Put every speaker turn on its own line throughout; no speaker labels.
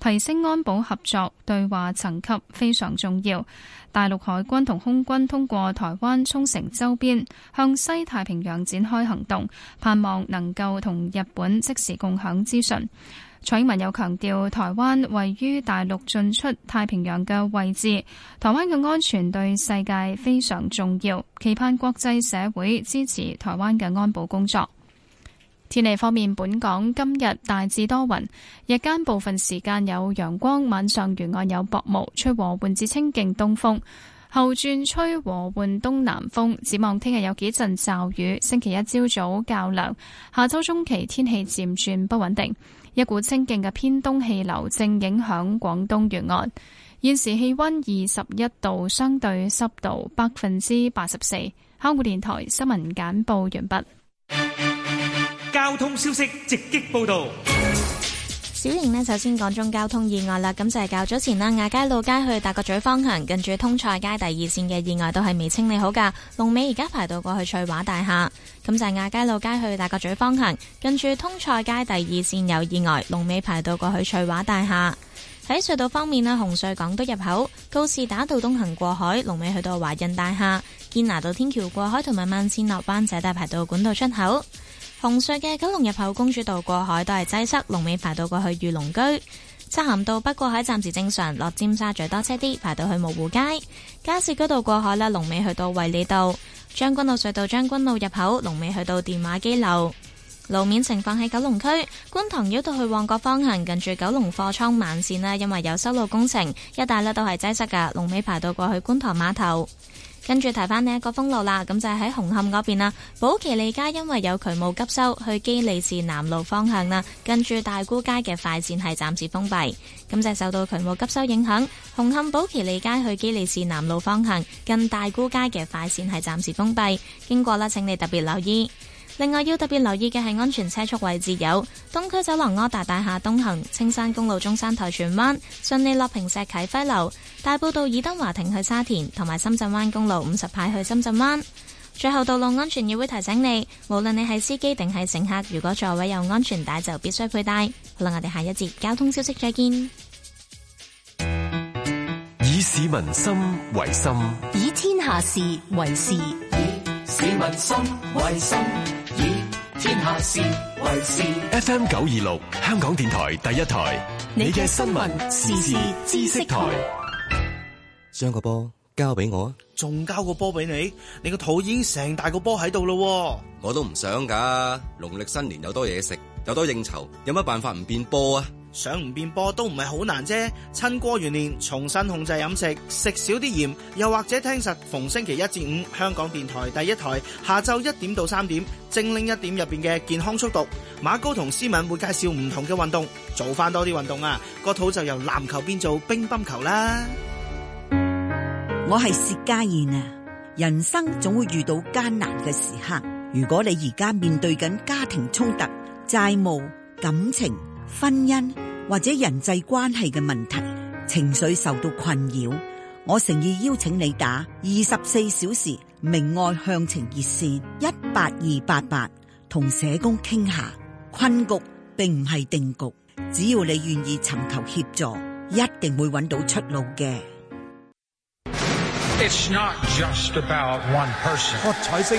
提升安保合作對話層級非常重要。大陸海軍同空軍通過台灣沖繩周邊向西太平洋展開行動，盼望能夠同日本即時共享資訊，蔡英文又強調台灣位於大陸進出太平洋嘅位置，台灣嘅安全對世界非常重要，期盼國際社會支持台灣嘅安保工作。天氣方面，本港今日大致多雲，日間部分時間有陽光，晚上沿岸有薄霧，吹和緩至清勁東風。後轉吹和緩東南風，展望聽日有幾陣驟雨。星期一朝早，早較涼，下周中期天氣漸轉不穩定。一股清勁嘅偏東氣流正影響廣東沿岸，現時氣温二十一度，相對濕度百分之八十四。香港電台新聞簡報，完畢。交通消息直擊報道，小玲呢，首先講中交
通意外啦。咁就係較早前啦，亞皆老街去大角咀方向，近住通菜街第二綫嘅意外都係未清理好噶。龍尾而家排到過去翠華大廈。咁就係亞皆老街去大角咀方向，近住通菜街第二綫有意外，龍尾排到過去翠華大廈。喺隧道方面呢，紅隧港島入口告士打道東行過海，龍尾去到華潤大廈；堅拿道天橋過海同埋慢綫落班，就大排到管道出口。紅隧嘅九龍入口公主道過海都係擠塞，龍尾排到過去御龍居、漆咸道北過海暫時正常，落尖沙咀多車啲，排到去蕪湖街、加士居道過海啦，龍尾去到惠里道、將軍澳隧道將軍澳入口，龍尾去到電話機樓。路面情況喺九龍區觀塘繞道去旺角方向，近住九龍貨倉慢線啦，因為有修路工程，一帶都係擠塞噶，龍尾排到過去觀塘碼頭。跟住提翻呢一個封路啦，咁就喺紅磡嗰邊啦。寶奇利街因為有渠務急修，去基利士南路方向啦，跟住大沽街嘅快線係暫時封閉。咁就受到渠務急修影響，紅磡寶奇利街去基利士南路方向，近大沽街嘅快線係暫時封閉。經過啦，請你特別留意。另外要特別留意嘅係安全車速位置，有東區走廊柯達大廈東行、青山公路中山台、荃灣順利落坪石啟輝樓、大埔道爾登華庭去沙田，同埋深圳灣公路五十排去深圳灣。最後，道路安全議會提醒你，無論你係司機定係乘客，如果座位有安全帶，就必須佩戴好啦。我哋下一節交通消息再見。
以市民心為心，
以天下事為事，以市民心為心。以天下事為天
下事為事。FM 九二六，香港電台第一台。你嘅新聞時事知識台。
將個波交俾我啊！仲交個波俾你？你個肚已經成大個波喺度啦！我都唔想㗎。農曆新年有多嘢食，有多應酬，有乜辦法唔變波啊？想唔變波都唔係好難啫，趁過完年重新控制飲食，食少啲鹽，又或者聽實逢星期一至五香港電台第一台下晝一點到三點精靈一點入邊嘅健康速讀，馬高同斯敏會介紹唔同嘅運動，做翻多啲運動啊，那個肚
就由籃球變做乒乓球啦。我係薛家燕啊，人生總會遇到艱難嘅時刻，如果你而家面對緊家庭衝突、債務、感情。婚姻或者人際關係嘅問題，情緒受到困擾，我誠意邀請你打二十四小時明愛向晴熱線一八二八八，同社工傾下。困局並唔係定局，只要你願意尋求協助，一定會揾到出路嘅。It's not just about one person.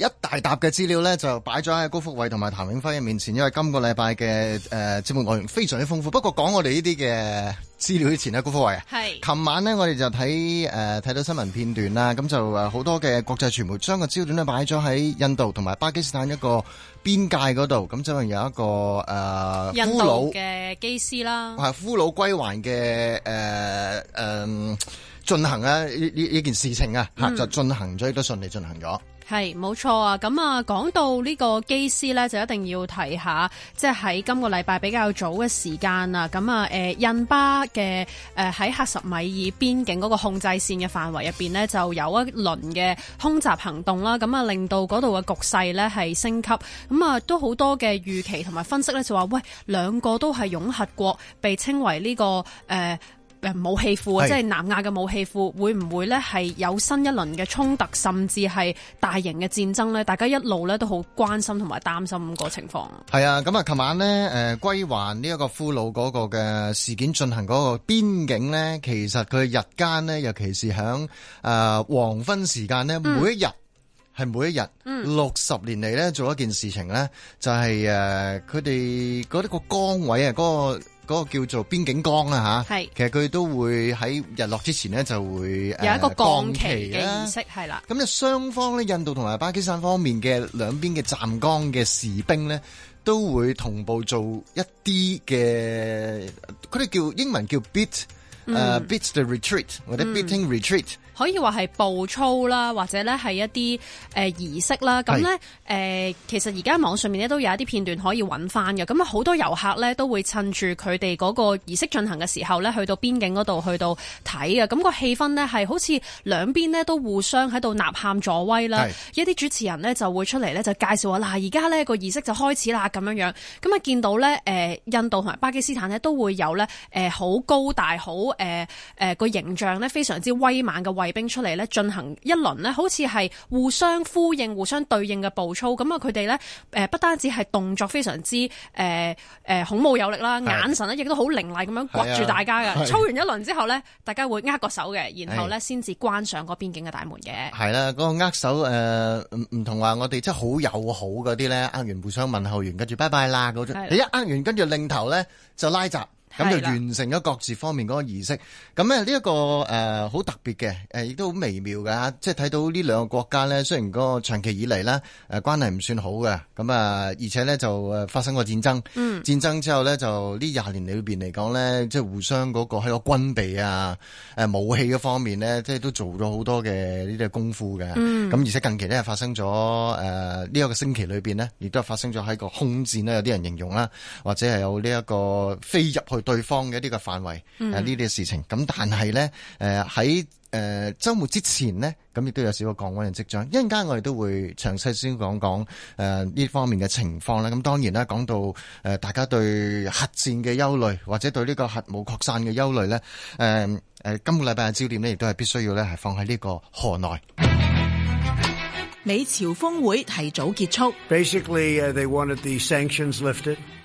一大沓嘅資料咧，就擺咗喺高福偉同埋譚永輝嘅面前，因為今個禮拜嘅誒節目內容非常之豐富。不過講我哋呢啲嘅資料之前呢，高福偉啊，係琴晚咧，我哋就睇誒睇到新聞片段啦，咁就誒好多嘅國際傳媒將個焦點咧擺咗喺印度同埋巴基斯坦一個邊界嗰度，咁就係有一個誒印度嘅
機師啦，係
俘虜歸還嘅誒進行啊呢呢件事情啊，吓、嗯、就進行咗，都順利進行咗。
係冇錯啊，咁啊講到呢個機師呢，就一定要提下，即係喺今個禮拜比較早嘅時間啊，咁啊，誒、呃、印巴嘅誒喺喀什米爾邊境嗰個控制線嘅範圍入邊呢，就有一輪嘅空襲行動啦，咁啊令到嗰度嘅局勢呢係升級，咁啊都好多嘅預期同埋分析呢，就話喂，兩個都係擁核國，被稱為呢、這個誒。呃誒，武器庫啊，即係南亞嘅武器庫，器庫會唔會咧係有新一輪嘅衝突，甚至係大型嘅戰爭咧？大家一路咧都好關心同埋擔心個情況。
係啊，咁啊，琴晚咧，誒歸還呢一個俘虜嗰個嘅事件進行嗰個邊境咧，其實佢日間咧，尤其是響誒、呃、黃昏時間咧，每一日係、嗯、每一日六十年嚟咧做一件事情咧，就係誒佢哋嗰啲個崗位啊，嗰、嗰個。嗰、那個叫做邊境江啦嚇，其實佢都會喺日落之前咧就會、呃、有一個降旗嘅儀式係啦。咁、呃、就雙方咧，印度同埋巴基斯坦方面嘅兩邊嘅站崗嘅士兵咧，都會同步做一啲嘅，佢哋叫英文叫 beat 誒、uh, beats the retreat 或者 beating retreat
可以話係步操啦，或者咧係一啲誒儀式啦。咁咧誒其實而家網上面咧都有一啲片段可以搵翻嘅。咁啊，好多遊客咧都會趁住佢哋個儀式進行嘅時候咧，去到邊境度去到睇啊，咁、那個氣氛咧係好似兩邊咧都互相喺度吶喊助威啦。一啲主持人咧就會出嚟咧就介紹話嗱，而家咧個儀式就開始啦咁樣樣，咁啊，見到咧誒、呃、印度同埋巴基斯坦咧都會有咧誒好高大好。誒誒個形象咧非常之威猛嘅衛兵出嚟咧，進行一輪咧，好似係互相呼應、互相對應嘅步操。咁啊，佢哋呢，誒、呃，不單止係動作非常之誒誒、呃呃，孔武有力啦，眼神咧亦都好凌厲咁樣掘住大家嘅。操完一輪之後呢，大家會握個手嘅，然後呢先至關上個邊境嘅大門嘅。
係啦，嗰、那個握手誒唔同話我哋即係好友好嗰啲呢。握完互相問候完，跟住拜拜啦你、那個、一握完，跟住擰頭呢，就拉閘。咁就完成咗各自方面嗰個儀式。咁咧呢一個誒好、呃、特別嘅，誒、呃、亦都好微妙嘅。即係睇到呢兩個國家咧，雖然個長期以嚟咧誒關係唔算好嘅。咁、呃、啊，而且咧就誒發生過戰爭嗯。戰爭之後咧，就呢廿年裏邊嚟講咧，即係互相嗰個喺個軍備啊、誒、呃、武器嗰方面咧，即係都做咗好多嘅呢啲功夫嘅。嗯。咁而且近期咧，發生咗誒呢一個星期裏邊咧，亦都係發生咗喺個空戰啦，有啲人形容啦，或者係有呢一個飛入去。對方嘅呢個範圍、嗯、啊，呢啲事情咁，但係呢，誒喺誒週末之前呢，咁亦都有少個降溫嘅跡象。一陣間我哋都會詳細先講講誒呢方面嘅情況啦。咁、啊、當然啦，講到誒、呃、大家對核戰嘅憂慮，或者對呢個核武擴散嘅憂慮呢，誒、呃、誒、呃、今個禮拜嘅焦點呢，亦都係必須要呢，係放喺呢個河內。
美朝峰會提早結束。Basically, uh, they wanted the sanctions lifted.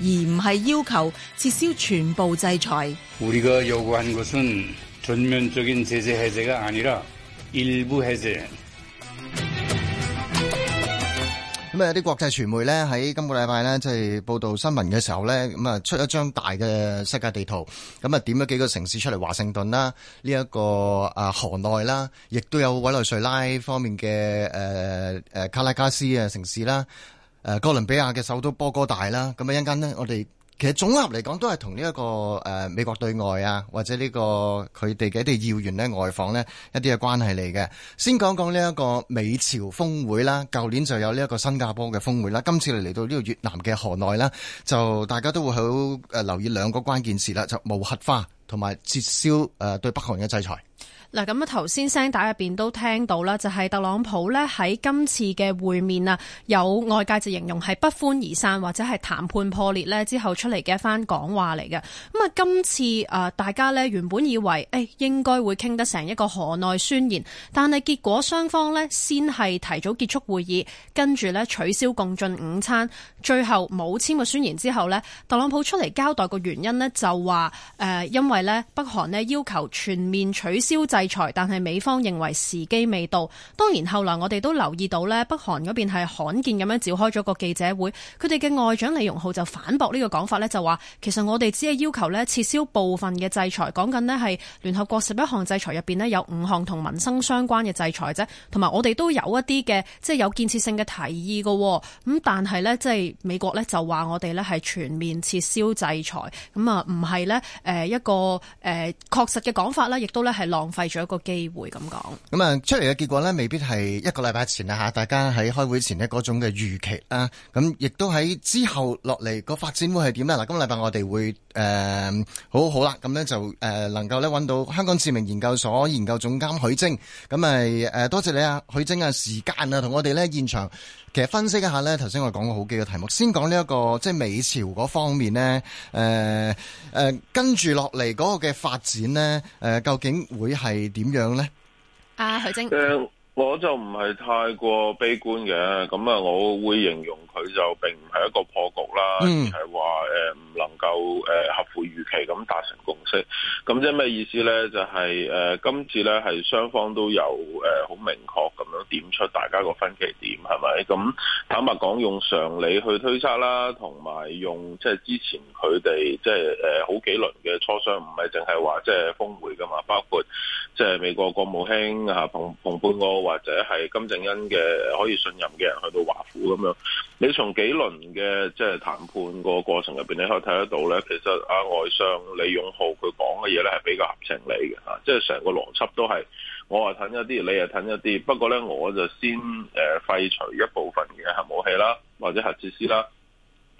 而唔係要求撤銷全部制裁。
咁啊，有啲
國際傳媒咧喺今個禮拜咧即係報導新聞嘅時候咧，咁啊出一張大嘅世界地圖，咁啊點咗幾個城市出嚟，華盛頓啦，呢一個啊河內啦，亦都有委內瑞拉方面嘅誒誒卡拉加斯嘅城市啦。誒，哥倫比亞嘅首都波哥大啦，咁樣一陣間咧，我哋其實總合嚟講都係同呢一個誒美國對外啊，或者呢個佢哋嘅一啲要員咧外訪咧一啲嘅關係嚟嘅。先講講呢一個美朝峰會啦，舊年就有呢一個新加坡嘅峰會啦，今次嚟到呢個越南嘅河內啦，就大家都會好誒留意兩個關鍵詞啦，就無核化同埋撤銷誒對北韓嘅制裁。
嗱，咁啊，頭先聲打入邊都聽到啦，就係、是、特朗普咧喺今次嘅會面啊，有外界就形容係不歡而散或者係談判破裂咧之後出嚟嘅一番講話嚟嘅。咁啊，今次啊、呃，大家咧原本以為誒、哎、應該會傾得成一個河內宣言，但係結果雙方咧先係提早結束會議，跟住咧取消共進午餐，最後冇簽個宣言之後咧，特朗普出嚟交代個原因咧就話誒、呃、因為咧北韓咧要求全面取消就。制裁，但係美方認為時機未到。當然後來我哋都留意到咧，北韓嗰邊係罕見咁樣召開咗個記者會。佢哋嘅外長李容浩就反駁呢個講法咧，就話其實我哋只係要求咧撤銷部分嘅制裁，講緊咧係聯合國十一項制裁入邊咧有五項同民生相關嘅制裁啫。同埋我哋都有一啲嘅即係有建設性嘅提議噶。咁但係咧即係美國咧就話我哋咧係全面撤銷制裁，咁啊唔係咧誒一個誒確實嘅講法啦，亦都咧係浪費。咗一個機會咁講，
咁啊，出嚟嘅結果咧，未必係一個禮拜前啊吓，大家喺開會前咧嗰種嘅預期啦。咁亦都喺之後落嚟個發展會係點咧？嗱，今個禮拜我哋會誒、呃、好好啦，咁咧就誒能夠咧揾到香港智明研究所研究總監許晶，咁啊，誒多謝你啊，許晶啊，時間啊，同我哋咧現場其實分析一下咧，頭先我哋講過好幾個題目，先講呢一個即係美朝嗰方面咧，誒、呃、誒跟住落嚟嗰個嘅發展咧，誒究竟會係？係點樣咧？
阿許
晶。我就唔係太過悲觀嘅，咁啊，我會形容佢就並唔係一個破局啦，而係話誒唔能夠誒合乎預期咁達成共識。咁即係咩意思咧？就係、是、誒今次咧係雙方都有誒好明確咁樣點出大家個分歧點，係咪？咁坦白講，用常理去推測啦，同埋用即係之前佢哋即係誒好幾輪嘅磋商，唔係淨係話即係峰會噶嘛，包括即係美國國務卿啊蓬蓬佩奧。或者係金正恩嘅可以信任嘅人去到華府咁樣，你從幾輪嘅即係談判個過程入邊，你可以睇得到咧，其實阿外相李勇浩佢講嘅嘢咧係比較合情理嘅嚇，即係成個邏輯都係我話褪一啲，你又褪一啲，不過咧我就先誒廢除一部分嘅核武器啦，或者核設施啦。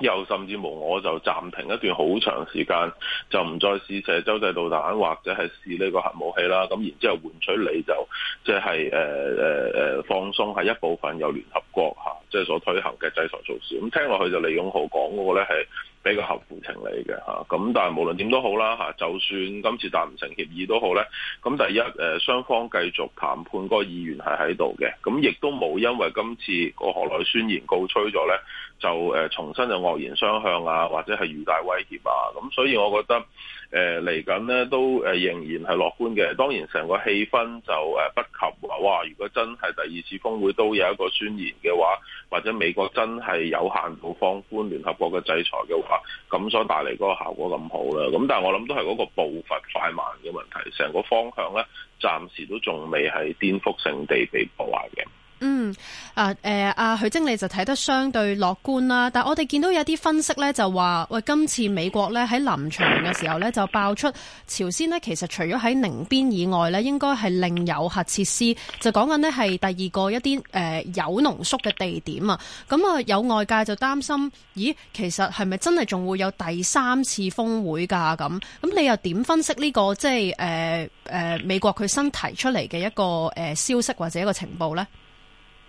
又甚至乎，我就暫停一段好長時間，就唔再試射洲際導彈，或者係試呢個核武器啦。咁然之後換取你就即係、就是呃呃、放鬆係一部分，有聯合國嚇，即、就、係、是、所推行嘅制裁措施。咁聽落去就李勇浩講嗰個咧係，比較合乎情理嘅。咁但係無論點都好啦，就算今次達唔成協議都好咧，咁第一雙方繼續談判個意願係喺度嘅，咁亦都冇因為今次個河內宣言告吹咗咧，就重新就惡言相向啊，或者係巨大威脅啊，咁所以我覺得誒嚟緊咧都仍然係樂觀嘅，當然成個氣氛就不及。哇！如果真係第二次峰會都有一個宣言嘅話，或者美國真係有限度放寬聯合國嘅制裁嘅話，咁所帶嚟嗰個效果咁好啦。咁但係我諗都係嗰個步伐快慢嘅問題，成個方向咧，暫時都仲未係顛覆性地被破壞嘅。
嗯，啊，誒、呃，阿許經理就睇得相對樂觀啦。但係我哋見到有啲分析呢，就話喂，今次美國呢，喺臨場嘅時候呢，就爆出朝鮮呢，其實除咗喺寧邊以外呢，應該係另有核設施，就講緊呢，係第二個一啲誒、呃、有濃縮嘅地點啊。咁、嗯、啊、呃，有外界就擔心，咦，其實係咪真係仲會有第三次峰會噶？咁咁，你又點分析呢、呢個即係誒誒美國佢新提出嚟嘅一個誒、呃、消息或者一個情報呢？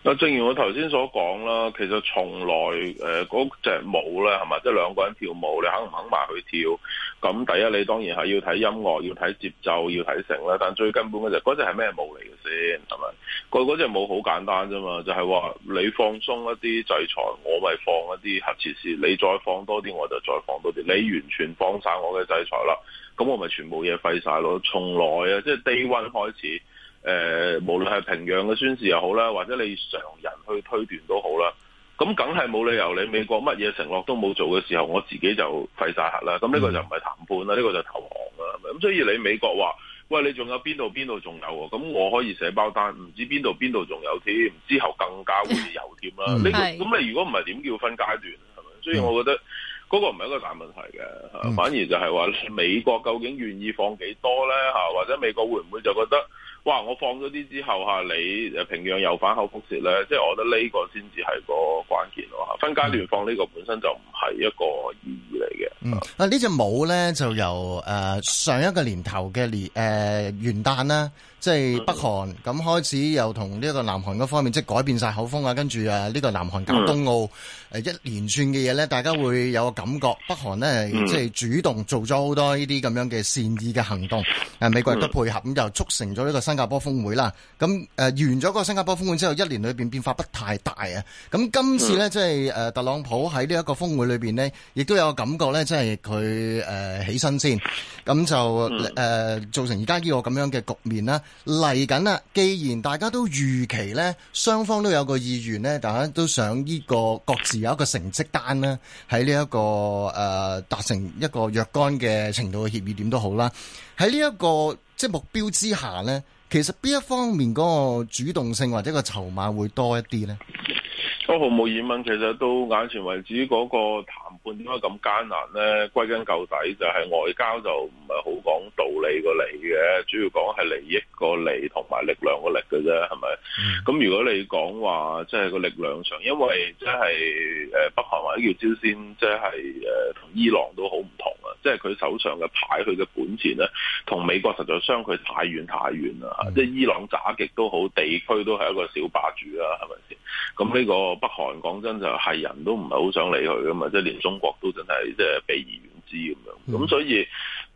嗱，
正如我頭先所講啦，其實從來誒嗰、呃、隻舞咧，係咪即係兩個人跳舞，你肯唔肯埋去跳？咁第一，你當然係要睇音樂，要睇節奏，要睇成啦。但最根本嗰隻、就是，嗰隻係咩舞嚟嘅先係咪？佢嗰隻舞好簡單啫嘛，就係、是、話你放鬆一啲制裁，我咪放一啲核設施，你再放多啲，我就再放多啲，你完全放晒我嘅制裁啦。咁我咪全部嘢廢晒咯。從來啊，即係 day one 開始。誒、呃，無論係平壤嘅宣示又好啦，或者你常人去推斷都好啦，咁梗係冇理由你美國乜嘢承諾都冇做嘅時候，我自己就廢晒核啦。咁呢個就唔係談判啦，呢、呢個就投降啦。咁所以你美國話喂，你仲有邊度邊度仲有？咁我可以寫包單，唔知邊度邊度仲有添，之後更加會有添啦。呢個咁你如果唔係點叫分階段？係咪？所以我覺得。嗰、這個唔係一個大問題嘅，反而就係話美國究竟願意放幾多呢？或者美國會唔會就覺得，哇！我放咗啲之後你平壤又反口覆舌呢？即、就、係、是、我覺得呢個先至係個關鍵咯。分階段放呢個本身就唔係一個意
義嚟嘅。嗯，啊呢隻舞呢，就由誒、呃、上一個年頭嘅年、呃、元旦啦。即、就、係、是、北韓咁開始又同呢個個南韓嗰方面即、就是、改變晒口風啊！跟住啊，呢個南韓搞東澳、mm. 一連串嘅嘢呢，大家會有個感覺，北韓呢即係、mm. 主動做咗好多呢啲咁樣嘅善意嘅行動。啊、美國亦都配合，咁就促成咗呢個新加坡峰會啦。咁誒完咗個新加坡峰會之後，一年裏面變化不太大啊。咁今次呢，即、mm. 係、就是呃、特朗普喺呢一個峰會裏面呢，亦都有個感覺呢，即係佢誒起身先，咁就、mm. 呃、造成而家呢個咁樣嘅局面啦。嚟緊啦！既然大家都預期呢，雙方都有個意願呢，大家都想呢個各自有一個成績單咧，喺呢一個誒達成一個若干嘅程度嘅協議點都好啦。喺呢一個即係目標之下呢，其實邊一方面嗰個主動性或者個籌碼會多一啲咧？
都毫無疑問，其實到眼前為止嗰個。半點解咁艱難咧？歸根究底就係外交就唔係好講道理個理嘅，主要講係利益個利同埋力量個力嘅啫，係咪？咁、嗯、如果你講話即係個力量上，因為即係誒北韓或者叫朝鮮，即係誒同伊朗都好唔同啊！即係佢手上嘅牌，佢嘅本錢咧，同美國實在相距太遠太遠啦！即、嗯、係、就是、伊朗打極都好，地區都係一個小霸主啊。係咪先？咁呢個北韓講真就係、是、人都唔係好想理佢噶嘛，即、就、係、是、連中。國都真係即係避而遠之咁樣，咁所以，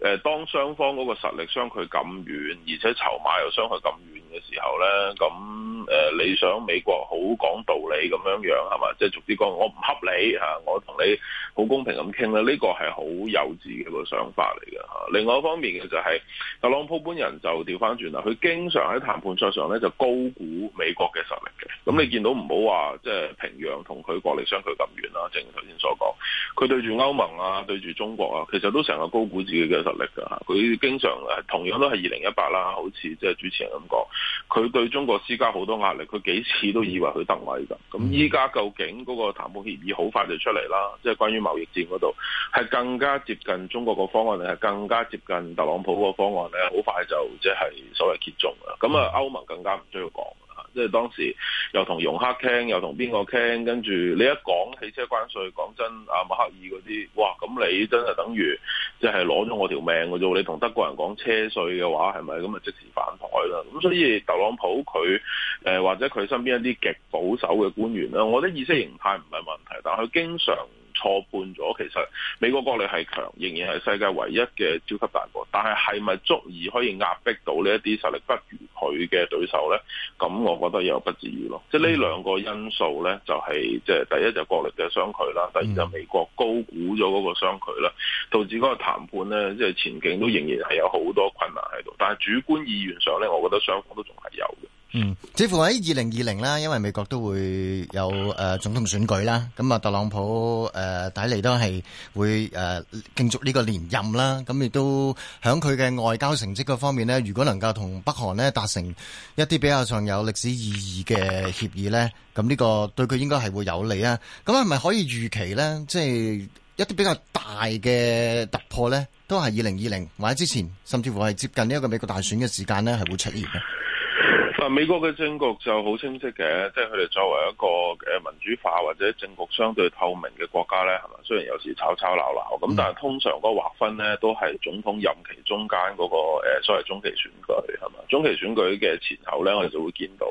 誒，當雙方嗰個實力相距咁遠，而且籌碼又相距咁遠嘅時候咧，咁誒，你想美國好講道理咁樣樣係嘛？即係、就是、逐啲講，我唔合理吓，我同你。好公平咁傾咧，呢個係好幼稚嘅一個想法嚟嘅嚇。另外一方面嘅就係特朗普本人就調翻轉啦，佢經常喺談判桌上咧就高估美國嘅實力嘅。咁你見到唔好話即係平壤同佢國力相距咁遠啦，正如頭先所講，佢對住歐盟啊，對住中國啊，其實都成日高估自己嘅實力嘅。佢經常誒同樣都係二零一八啦，好似即係主持人咁講，佢對中國施加好多壓力，佢幾次都以為佢得位㗎。咁依家究竟嗰個談判協議好快就出嚟啦，即係關於。貿易戰嗰度係更加接近中國個方案，定係更加接近特朗普個方案咧？好快就即係所謂揭盅啦。咁啊，歐盟更加唔需要講，即係當時又同容克傾，又同邊個傾，跟住你一講汽車關稅，講真啊、默克爾嗰啲，哇！咁你真係等於即係攞咗我條命嘅啫。你同德國人講車稅嘅話，係咪咁啊？即時反台啦。咁所以特朗普佢誒、呃、或者佢身邊一啲極保守嘅官員咧，我覺得意識形態唔係問題，但係佢經常。錯判咗，其實美國國力係強，仍然係世界唯一嘅超級大國，但係係咪足以可以壓迫到呢一啲實力不如佢嘅對手呢？咁我覺得又不至於咯。即係呢兩個因素呢、就係，就係即係第一就係國力嘅相距啦，第二就係美國高估咗嗰個相距啦，導致嗰個談判呢，即係前景都仍然係有好多困難喺度。但係主觀意願上呢，我覺得雙方都仲係有
嘅。嗯，似乎喺二零二零啦，因為美國都會有誒、呃、總統選舉啦，咁啊特朗普誒睇嚟都係會誒、呃、競逐呢個連任啦，咁亦都響佢嘅外交成績嗰方面咧，如果能夠同北韓咧達成一啲比較上有歷史意義嘅協議咧，咁呢個對佢應該係會有利啊。咁係咪可以預期咧，即、就、係、是、一啲比較大嘅突破咧，都係二零二零或者之前，甚至乎係接近呢一個美國大選嘅時間咧，係會出現嘅？
美國嘅政局就好清晰嘅，即係佢哋作為一個民主化或者政局相對透明嘅國家咧，雖然有時吵吵鬧鬧，咁但係通常嗰個劃分咧，都係總統任期中間嗰個所謂中期選舉嘛？中期選舉嘅前後咧，我哋就會見到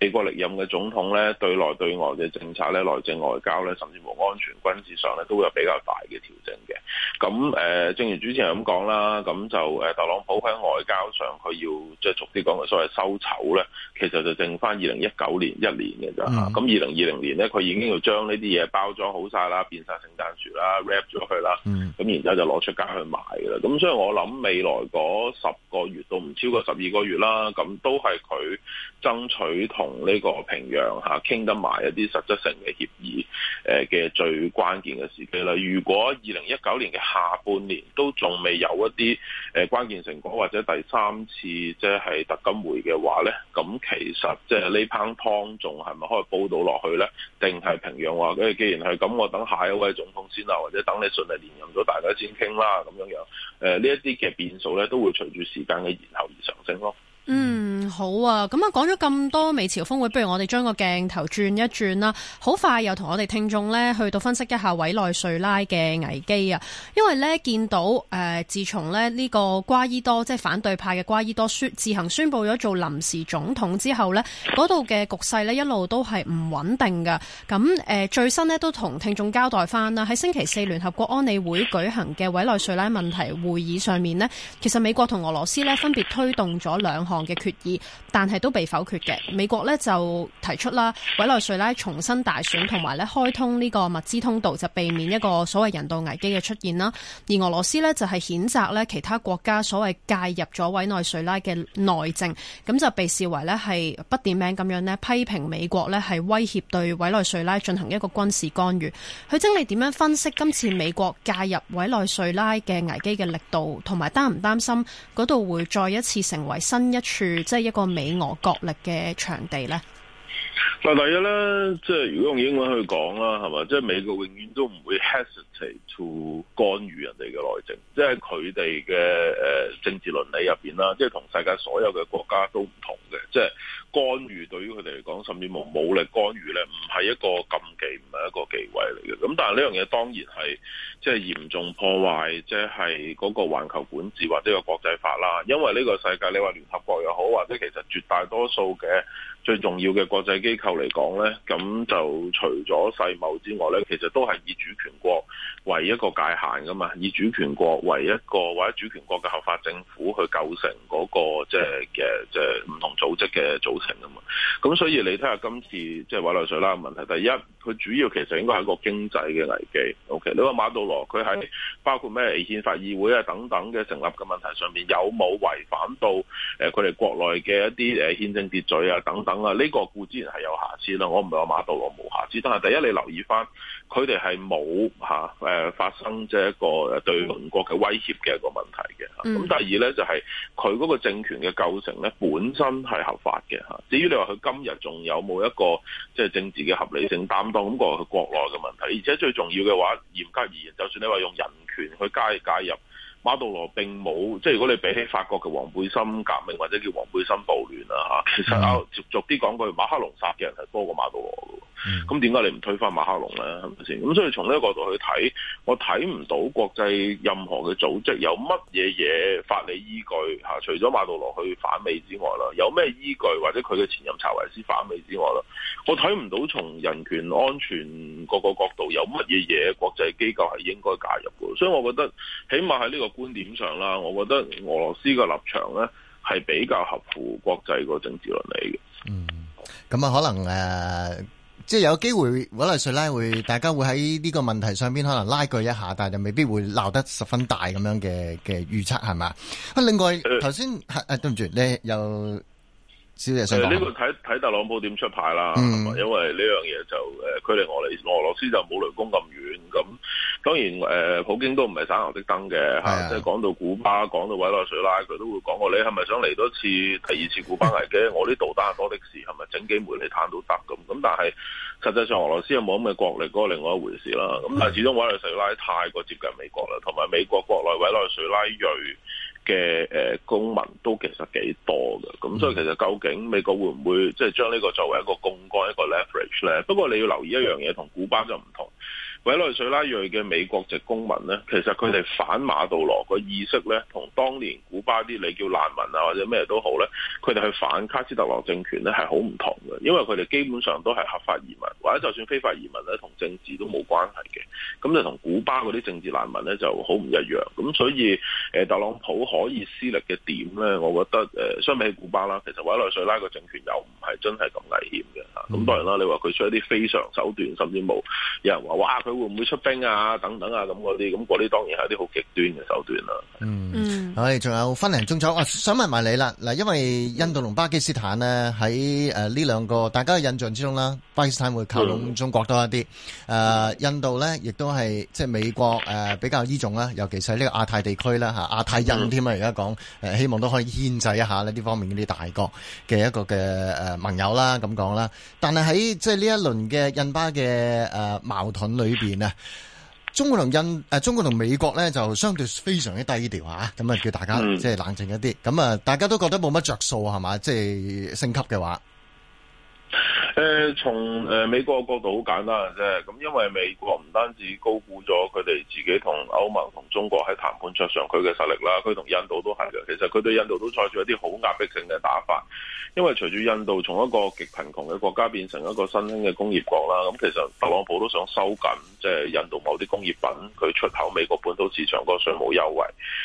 美國歷任嘅總統咧，對內對外嘅政策咧，內政外交咧，甚至乎安全軍事上咧，都會有比較大嘅調整嘅。咁正如主持人咁講啦，咁就特朗普喺外交上佢要即係逐啲講嘅所謂收醜咧。其實就剩翻二零一九年一年嘅咋。咁二零二零年咧，佢已經要將呢啲嘢包裝好曬啦，變曬聖誕樹啦，rap 咗佢啦，咁、mm-hmm. 然之後就攞出街去賣嘅啦。咁所以我諗未來嗰十個月到唔超過十二個月啦，咁都係佢。爭取同呢個平壤嚇傾得埋一啲實質性嘅協議，誒嘅最關鍵嘅時機啦。如果二零一九年嘅下半年都仲未有一啲誒關鍵成果，或者第三次即係特金會嘅話咧，咁其實即係呢煲湯仲係咪可以煲到落去咧？定係平壤話，跟住既然係咁，我等下一位總統先啦，或者等你順利連任咗大家先傾啦，咁樣樣誒呢一啲嘅變數咧，都會隨住時間嘅延後而上升咯。嗯。
好啊，咁啊，講咗咁多美朝峰會，不如我哋將個鏡頭轉一轉啦。好快又同我哋聽眾咧去到分析一下委內瑞拉嘅危機啊。因為咧見到誒、呃，自從咧呢個瓜伊多即係反對派嘅瓜伊多宣自行宣布咗做臨時總統之後咧，嗰度嘅局勢咧一路都係唔穩定嘅。咁誒、呃，最新咧都同聽眾交代翻啦，喺星期四聯合國安理會舉行嘅委內瑞拉問題會議上面咧，其實美國同俄羅斯咧分別推動咗兩項嘅決議。但係都被否決嘅。美國呢，就提出啦，委內瑞拉重新大選，同埋呢開通呢個物資通道，就避免一個所謂人道危機嘅出現啦。而俄羅斯呢，就係、是、譴責呢其他國家所謂介入咗委內瑞拉嘅內政，咁就被視為呢係不點名咁樣呢批評美國呢係威脅對委內瑞拉進行一個軍事干預。佢經理點樣分析今次美國介入委內瑞拉嘅危機嘅力度，同埋擔唔擔心嗰度會再一次成為新一處即係一個美俄角力嘅場地咧。
嗱，第一咧，即係如果用英文去講啦，係嘛，即係美國永遠都唔會 hesitate to 干預人哋嘅內政，即係佢哋嘅誒政治倫理入邊啦，即係同世界所有嘅國家都唔同嘅，即係干預對於佢哋嚟講，甚至冇武力干預咧，唔係一個禁忌，唔係一個忌諱嚟嘅。咁但係呢樣嘢，當然係即係嚴重破壞，即係嗰個環球管治或者個國際法啦。因為呢個世界你話聯合國又好，或者其實絕大多數嘅。最重要嘅國際機構嚟講呢，咁就除咗世貿之外呢，其實都係以主權國為一個界限噶嘛，以主權國為一個或者主權國嘅合法政府去構成嗰、那個即係嘅即係唔同組織嘅組成噶嘛。咁所以你睇下今次即係委內瑞拉嘅問題，第一佢主要其實應該係一個經濟嘅危機。O.K. 你話馬杜羅佢喺包括咩憲法議會啊等等嘅成立嘅問題上面，有冇違反到誒佢哋國內嘅一啲誒憲政秩序啊等等？等啊，呢個固之然係有瑕疵啦，我唔係話馬杜羅冇瑕疵，但係第一你留意翻，佢哋係冇嚇誒發生即係一個對鄰國嘅威脅嘅一個問題嘅。咁、mm. 第二咧就係佢嗰個政權嘅構成咧，本身係合法嘅嚇。至於你話佢今日仲有冇一個即係、就是、政治嘅合理性擔當，咁個係佢國內嘅問題。而且最重要嘅話，嚴格而言，就算你話用人權去加介入。馬杜羅並冇，即係如果你比起法國嘅黃背心革命或者叫黃背心暴亂啊嚇，其實啊接續啲講句，馬克龍殺嘅人係多過馬杜羅嘅，咁點解你唔推翻馬克龍咧？係咪先？咁所以從呢個角度去睇，我睇唔到國際任何嘅組織有乜嘢嘢法理依據嚇、啊，除咗馬杜羅去反美之外啦，有咩依據或者佢嘅前任查維斯反美之外啦，我睇唔到從人權安全各個角度有乜嘢嘢國際機構係應該介入嘅。所以我覺得，起碼係呢個。觀點上啦，我覺得俄羅斯個立場咧，係比較合乎國際個政治倫理嘅。嗯，
咁啊、呃，可能誒，即係有機會，可能誰拉會，大家會喺呢個問題上邊可能拉鋸一下，但係就未必會鬧得十分大，咁樣嘅嘅預測係嘛。啊，另外頭先誒，對唔住，你又。呢、嗯、個
睇睇特朗普點出牌啦，嗯、因為呢樣嘢就誒，佢、呃、離俄羅、俄羅斯就冇雷公咁遠。咁當然誒、呃，普京都唔係省油的燈嘅嚇，即係講到古巴，講到委內瑞拉，佢都會講過你係咪想嚟多次第二次古巴危機？嗯、我啲導彈多的是，係咪整幾枚嚟彈都得？」咁？咁但係實際上俄羅斯有冇咁嘅國力，嗰、那個另外一回事啦。咁但係始終委內瑞拉太過接近美國啦，同埋美國國內委內瑞拉裔嘅誒公民都其實幾多嘅，咁所以其實究竟美國會唔會即係將呢個作為一個工具一個 leverage 咧？不過你要留意一樣嘢，同古巴就唔同。委內瑞拉裔嘅美國籍公民咧，其實佢哋反馬杜羅個意識咧，同當年古巴啲你叫難民啊或者咩都好咧，佢哋去反卡斯特羅政權咧係好唔同嘅，因為佢哋基本上都係合法移民，或者就算非法移民咧，同政治都冇關係嘅，咁就同古巴嗰啲政治難民咧就好唔一樣。咁所以，誒特朗普可以施力嘅點咧，我覺得、呃、相比起古巴啦，其實委內瑞拉個政權又唔係真係咁危險嘅嚇。咁當然啦，你話佢出一啲非常手段，甚至冇有，有人話哇。佢會唔會出兵啊？等等啊，咁嗰啲，咁嗰啲當然係一啲好極端
嘅手段啦，啊。嗯，我哋仲有分零鐘咗。我，啊，想問埋你啦。嗱，因為印度同巴基斯坦呢，喺誒呢兩個大家嘅印象之中啦，巴基斯坦會靠攏中國多一啲。誒，嗯啊，印度呢亦都係即係美國誒，呃，比較依種啦，尤其是喺呢個亞太地區啦，吓亞太印添啊，而家講誒希望都可以牽制一下呢啲方面嗰啲大國嘅一個嘅誒盟友啦，咁講啦。但係喺即係呢一輪嘅印巴嘅誒，呃，矛盾裏。然啊，中國同印誒，中國同美國咧就相對非常之低調嚇，咁啊叫大家即係冷靜一啲，咁、嗯、啊大家都覺得冇乜着數係嘛，即係、就是、升級嘅話。
誒從誒美國嘅角度好簡單嘅啫，咁因為美國唔單止高估咗佢哋自己同歐盟同中國喺談判桌上佢嘅實力啦，佢同印度都係嘅。其實佢對印度都採取一啲好壓迫性嘅打法，因為隨住印度從一個極貧窮嘅國家變成一個新興嘅工業國啦，咁其實特朗普都想收緊即係印度某啲工業品佢出口美國本土市場個稅務優惠。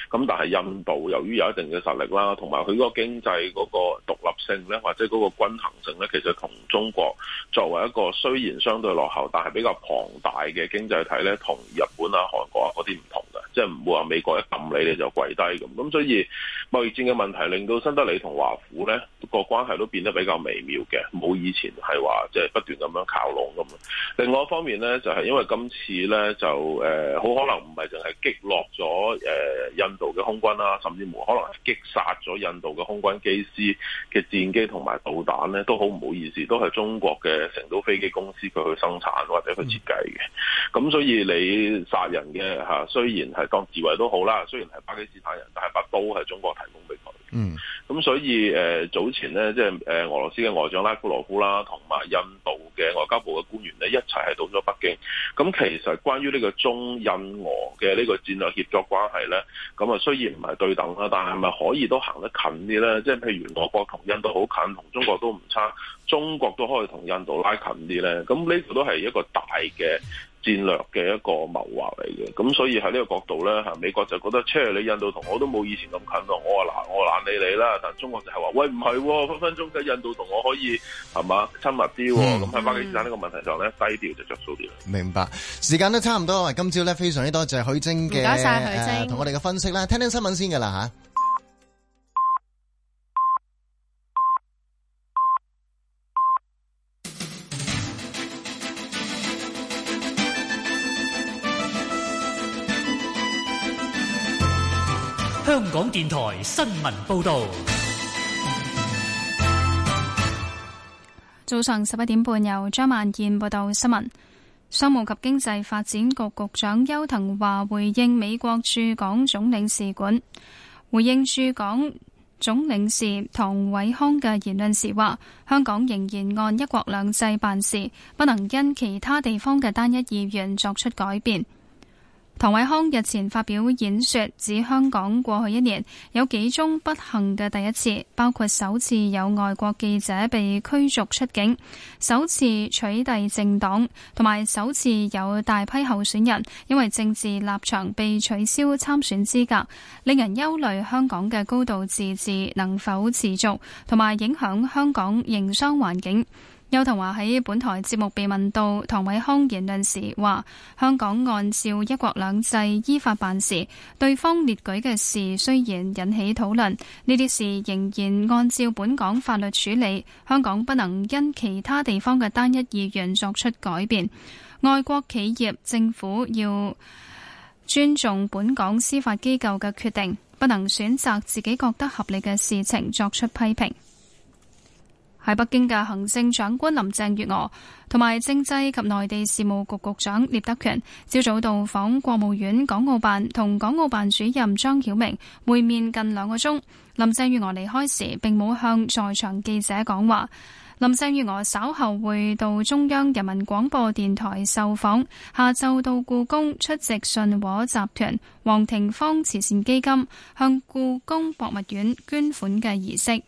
咁但係印度由於有一定嘅實力啦，同埋佢嗰個經濟嗰個獨立性咧，或者嗰個均衡性咧，其實同中國國作為一個雖然相對落後，但係比較龐大嘅經濟體咧，同日本啊、韓國啊嗰啲唔同嘅。即係唔會話美國一撳你你就跪低咁，咁所以貿易戰嘅問題令到新德里同華府咧個關係都變得比較微妙嘅，冇以前係話即係不斷咁樣靠攏咁啊。另外一方面咧，就係、是、因為今次咧就誒好、呃、可能唔係淨係擊落咗誒、呃、印度嘅空軍啦，甚至乎可能係擊殺咗印度嘅空軍機師嘅戰機同埋導彈咧，都好唔好意思，都係中國嘅成都飛機公司佢去生產或者去設計嘅。咁所以你殺人嘅吓雖然係。當自衛都好啦，雖然係巴基斯坦人，但係把刀係中國提供俾佢。嗯，咁所以誒、呃、早前咧，即係誒俄羅斯嘅外長拉夫羅夫啦，同埋印度嘅外交部嘅官員咧，一齊係到咗北京。咁其實關於呢個中印俄嘅呢個戰略協作關係咧，咁啊雖然唔係對等啦，但係咪可以都行得近啲咧？即係譬如俄國同印度好近，同中國都唔差，中國都可以同印度拉近啲咧。咁呢個都係一個大嘅。戰略嘅一個謀劃嚟嘅，咁所以喺呢個角度咧，吓美國就覺得，雖然你印度同我都冇以前咁近咯，我話嗱，我懶理你啦。但中國就係話，喂，唔係、哦，分分鐘嘅印度同我可以係嘛親密啲、哦。咁、嗯、喺巴基斯坦呢個問題上咧、嗯，低調就着數啲啦。
明白，時間都差唔多啦。咁今朝咧非常之多謝許晶嘅，唔該晒許晶同我哋嘅分析啦。聽聽新聞先噶啦吓。
香港電台新聞報道，
早上十一點半由張萬燕報道新聞。商務及經濟發展局局長邱騰華回應美國駐港總領事館回應駐港總領事唐偉康嘅言論時，話香港仍然按一國兩制辦事，不能因其他地方嘅單一意願作出改變。唐偉康日前發表演說，指香港過去一年有幾宗不幸嘅第一次，包括首次有外國記者被驅逐出境，首次取締政黨，同埋首次有大批候選人因為政治立場被取消參選資格，令人憂慮香港嘅高度自治能否持續，同埋影響香港營商環境。邱同華喺本台節目被問到唐偉康言論時，話香港按照一國兩制依法辦事，對方列舉嘅事雖然引起討論，呢啲事仍然按照本港法律處理。香港不能因其他地方嘅單一意願作出改變。外國企業、政府要尊重本港司法機構嘅決定，不能選擇自己覺得合理嘅事情作出批評。喺北京嘅行政長官林鄭月娥同埋政制及內地事務局局長聶德權，朝早到訪國務院港澳辦，同港澳辦主任張曉明會面近兩個鐘。林鄭月娥離開時並冇向在場記者講話。林鄭月娥稍後會到中央人民廣播電台受訪，下晝到故宮出席信和集團黃廷方慈善基金向故宮博物院捐款嘅儀式。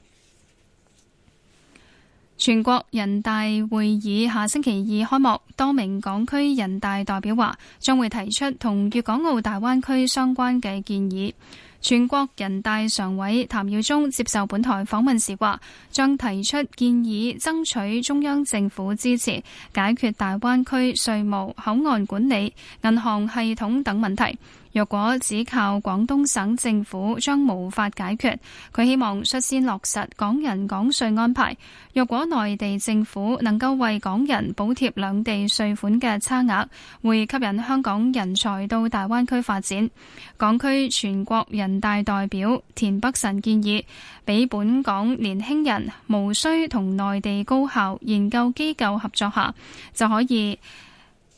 全國人大會議下星期二開幕，多名港區人大代表話將會提出同粵港澳大灣區相關嘅建議。全國人大常委譚耀宗接受本台訪問時話，將提出建議爭取中央政府支持，解決大灣區稅務、口岸管理、銀行系統等問題。若果只靠廣東省政府，將無法解決，佢希望率先落實港人港稅安排。若果內地政府能夠為港人補貼兩地稅款嘅差額，會吸引香港人才到大灣區發展。港區全國人大代表田北辰建議，俾本港年輕人無需同內地高校研究機構合作下就可以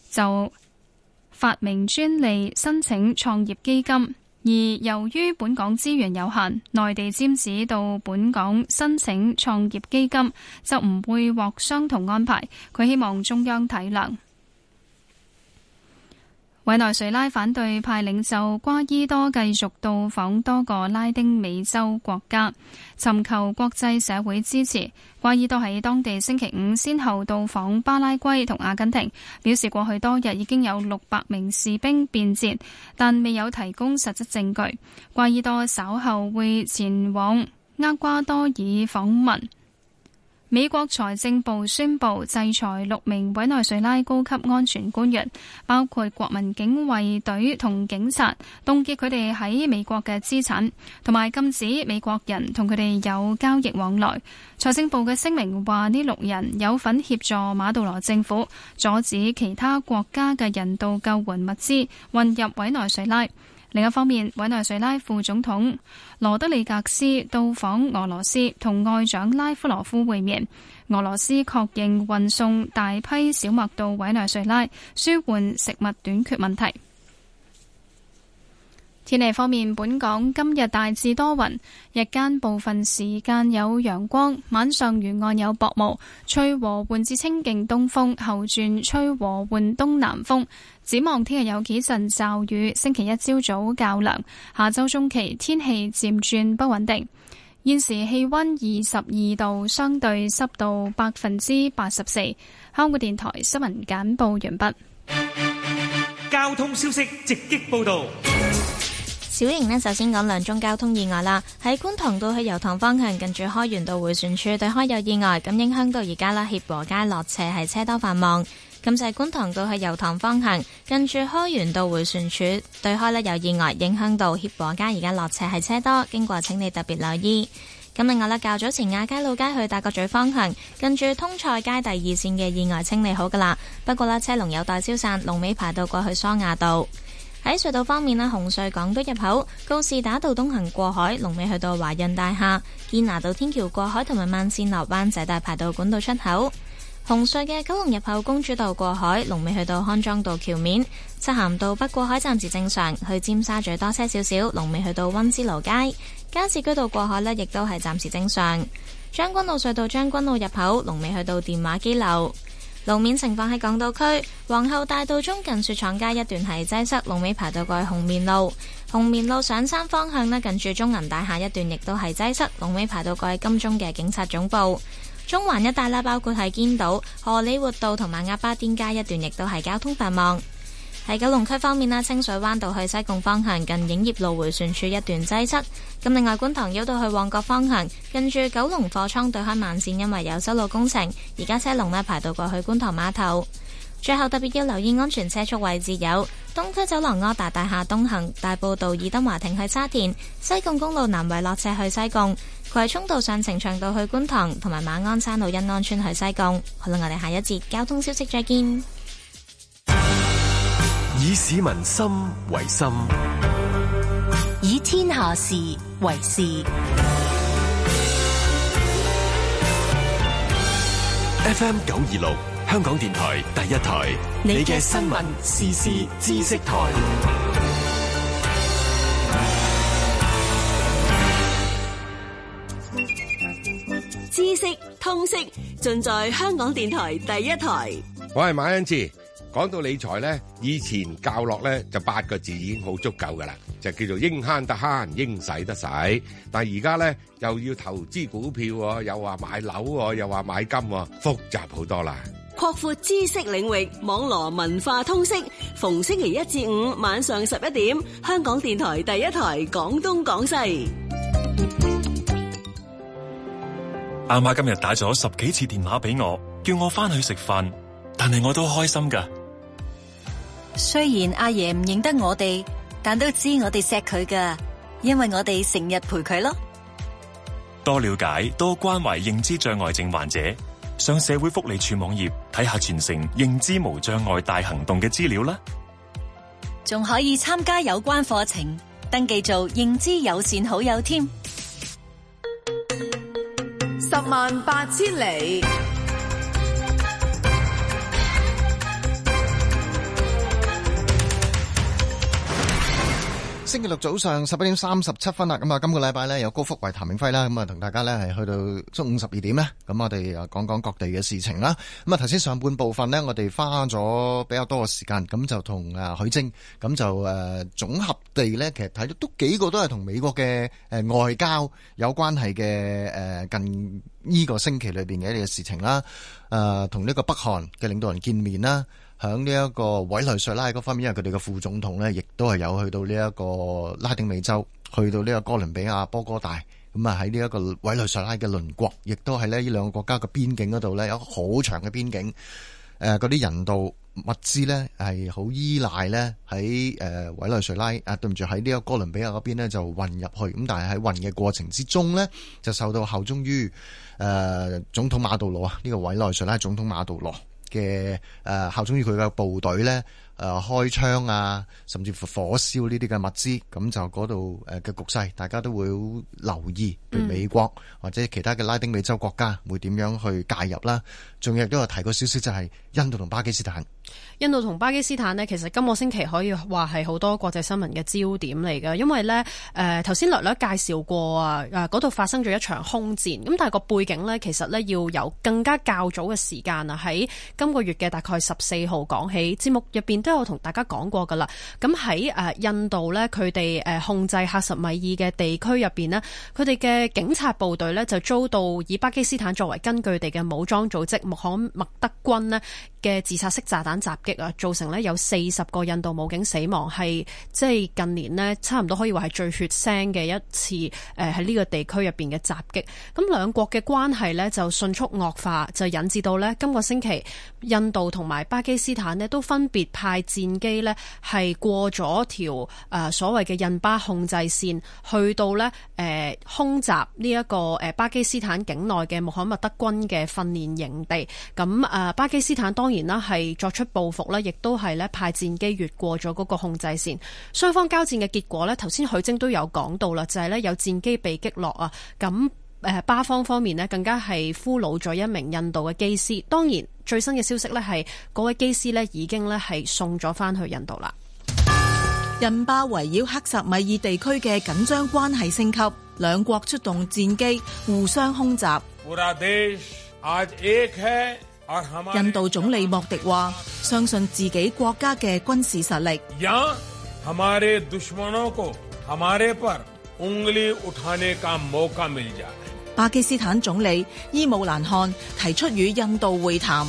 就。發明專利申請創業基金，而由於本港資源有限，內地尖子到本港申請創業基金就唔會獲相同安排。佢希望中央體諒。委內瑞拉反對派領袖瓜伊多繼續到訪多個拉丁美洲國家，尋求國際社會支持。瓜伊多喺當地星期五先後到訪巴拉圭同阿根廷，表示過去多日已經有六百名士兵變節，但未有提供實質證據。瓜伊多稍後會前往厄瓜多爾訪問。美國財政部宣佈制裁六名委內瑞拉高級安全官員，包括國民警衛隊同警察，凍結佢哋喺美國嘅資產，同埋禁止美國人同佢哋有交易往來。財政部嘅聲明話，呢六人有份協助馬杜羅政府，阻止其他國家嘅人道救援物資運入委內瑞拉。另一方面，委內瑞拉副總統羅德里格斯到訪俄羅斯，同外長拉夫羅夫會面。俄羅斯確認運送大批小麥到委內瑞拉，舒緩食物短缺問題。天氣方面，本港今日大致多雲，日間部分時間有陽光，晚上沿岸有薄霧，吹和緩至清勁東風，後轉吹和緩東南風。展望聽日有幾陣驟雨，星期一朝早，早較涼。下周中期天氣漸轉不穩定。現時氣溫二十二度，相對濕度百分之八十四。香港電台新聞簡報完畢。交通消息直擊報道。
小型呢，首先講兩宗交通意外啦。喺觀塘道去油塘方向，近住開源道回旋處對開有意外，咁影響到而家啦，協和街落斜係車多繁忙。咁就係觀塘道去油塘方向，近住開源道回旋處對開呢有意外，影響到協和街而家落斜係車多，經過請你特別留意。咁另外咧，較早前亞皆老街去大角咀方向，近住通菜街第二線嘅意外清理好噶啦，不過啦，車龍有待消散，龍尾排到過去桑雅道。喺隧道方面呢，紅隧港島入口告士打道東行過海，龍尾去到華潤大廈；堅拿道天橋過海同埋萬線樓灣仔大排道管道出口。紅隧嘅九龍入口公主道過海，龍尾去到康莊道橋面；漆咸道北過海暫時正常，去尖沙咀多車少少，龍尾去到溫思勞街；加士居道過海呢亦都係暫時正常。將軍澳隧道將軍澳入口龍尾去到電話機樓。路面情況喺港島區皇后大道中近雪廠街一段係擠塞，龍尾排到過去紅棉路；紅棉路上山方向呢，近住中銀大廈一段亦都係擠塞，龍尾排到過去金鐘嘅警察總部。中環一帶啦，包括係堅道、荷里活道同埋亞巴甸街一段，亦都係交通繁忙。喺九龍區方面啦，清水灣道去西貢方向近影業路回旋處一段擠塞。咁另外，觀塘繞道去旺角方向近住九龍貨倉對開慢線，因為有修路工程，而家車龍咧排到過去觀塘碼頭。最後特別要留意安全車速位置有：東區走廊柯達大廈東行、大埔道爾登華庭去沙田、西貢公路南圍落斜去西貢、葵涌道上呈祥道去觀塘，同埋馬鞍山路恩安村去西貢。好啦，我哋下一節交通消息再見。
以市民心為心，
以天下事為事。
FM 九二六，香港電台第一台，你嘅
新聞、時事、
知識台，
知識、通識盡在香港電台第一台。
我係馬恩志。講到理財咧，以前教落咧，就八個字已經好足夠噶啦，就叫做應慳得慳，應使得使。但係而家咧，又要投資股票，又話買樓，又話買金，複雜好多啦。
擴闊知識領
域，網羅文化通識。逢星期一至五晚上十一點，香港電台第一台，講東講西。
阿媽今日打咗十幾次電話俾我，叫我翻去食飯，但係我都開心噶。
雖然阿爺唔認得我哋，但都知我哋錫佢噶，因為我哋成日陪佢咯。
多了解、多關懷認知障礙症患者，上社會福利處網頁睇下全城認知無障礙大行動嘅資料啦，
仲可以參加有關課程，
登記做認知友善好友添。十萬八千里。
星期六早上十一點三十七分啦，咁啊，今個禮拜咧有高福為譚永輝啦，咁啊，同大家咧係去到中午十二點咧，咁我哋啊講講各地嘅事情啦。咁啊，頭先上半部分咧，我哋花咗比較多嘅時間，咁就同啊許晶，咁就誒綜合地咧，其實睇到都幾個都係同美國嘅誒外交有關係嘅誒近呢個星期裏邊嘅一啲嘅事情啦，誒同呢個北韓嘅領導人見面啦。喺呢一個委內瑞拉嗰方面，因為佢哋嘅副總統呢，亦都係有去到呢一個拉丁美洲，去到呢個哥倫比亞、波哥大，咁啊喺呢一個委內瑞拉嘅鄰國，亦都係咧呢兩個國家嘅邊境嗰度呢有一個好長嘅邊境。誒嗰啲人道物資呢，係好依賴呢喺誒委內瑞拉啊，對唔住喺呢個哥倫比亞嗰邊咧就運入去，咁但係喺運嘅過程之中呢，就受到效忠於誒總統馬杜羅啊，呢個委內瑞拉總統馬杜羅。嘅誒、呃、效忠於佢嘅部隊咧，誒、呃、開槍啊，甚至乎火燒呢啲嘅物資，咁就嗰度誒嘅局勢，大家都會好留意。嗯、譬如美國或者其他嘅拉丁美洲國家會點樣去介入啦？仲亦都有提過少少，就係印度同巴基斯坦。
印度同巴基斯坦呢，其實今個星期可以話係好多國際新聞嘅焦點嚟噶，因為呢誒，頭、呃、先略略介紹過啊，嗰度發生咗一場空戰，咁但係個背景呢，其實呢要由更加較早嘅時間啊，喺今個月嘅大概十四號講起，節目入邊都有同大家講過噶啦。咁喺誒印度呢，佢哋誒控制喀什米爾嘅地區入邊呢，佢哋嘅警察部隊呢，就遭到以巴基斯坦作為根據地嘅武裝組織穆罕默德軍呢，嘅自殺式炸彈襲擊啊，造成呢有四十個印度武警死亡，係即係近年呢差唔多可以話係最血腥嘅一次誒喺呢個地區入邊嘅襲擊。咁兩國嘅關係呢就迅速惡化，就引致到呢今個星期。印度同埋巴基斯坦呢都分別派戰機呢，係過咗條誒所謂嘅印巴控制線，去到呢誒、呃、空襲呢一個誒巴基斯坦境內嘅穆罕默德軍嘅訓練營地。咁誒巴基斯坦當然啦係作出報復啦，亦都係呢派戰機越過咗嗰個控制線。雙方交戰嘅結果呢，頭先許晶都有講到啦，就係、是、呢有戰機被擊落啊，咁。誒、呃、巴方方面咧，更加係俘虜咗一名印度嘅機師。當然最新嘅消息咧，係嗰位機師咧已經咧係送咗翻去印度啦。印巴圍繞克什
米爾地區嘅緊張關係升級，兩國出動戰機互相空
襲。印度
總理莫迪話：相信自己國家嘅軍事
實力。
巴基斯坦總理伊姆蘭汗提出與印度會談，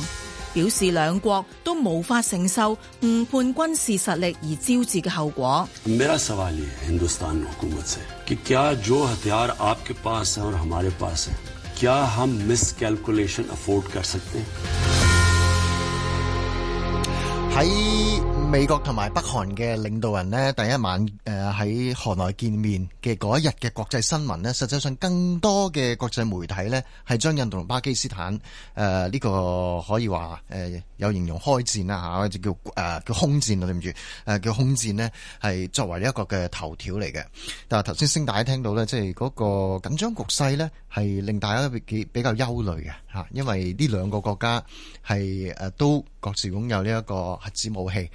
表示兩國都無法承受誤判軍事實力而招致嘅後
果。
我的問
喺美國同埋北韓嘅領導人呢，第一晚誒喺河內見面嘅嗰一日嘅國際新聞呢，實際上更多嘅國際媒體呢係將印度同巴基斯坦誒呢、這個可以話誒有形容開戰啦吓，或者叫誒、呃、叫空戰咯，對唔住誒叫空戰呢係作為一個嘅頭條嚟嘅。但係頭先星，大家聽到呢，即係嗰個緊張局勢呢係令大家幾比較憂慮嘅。吓，因為呢兩個國家係誒都各自擁有呢一個核子武器。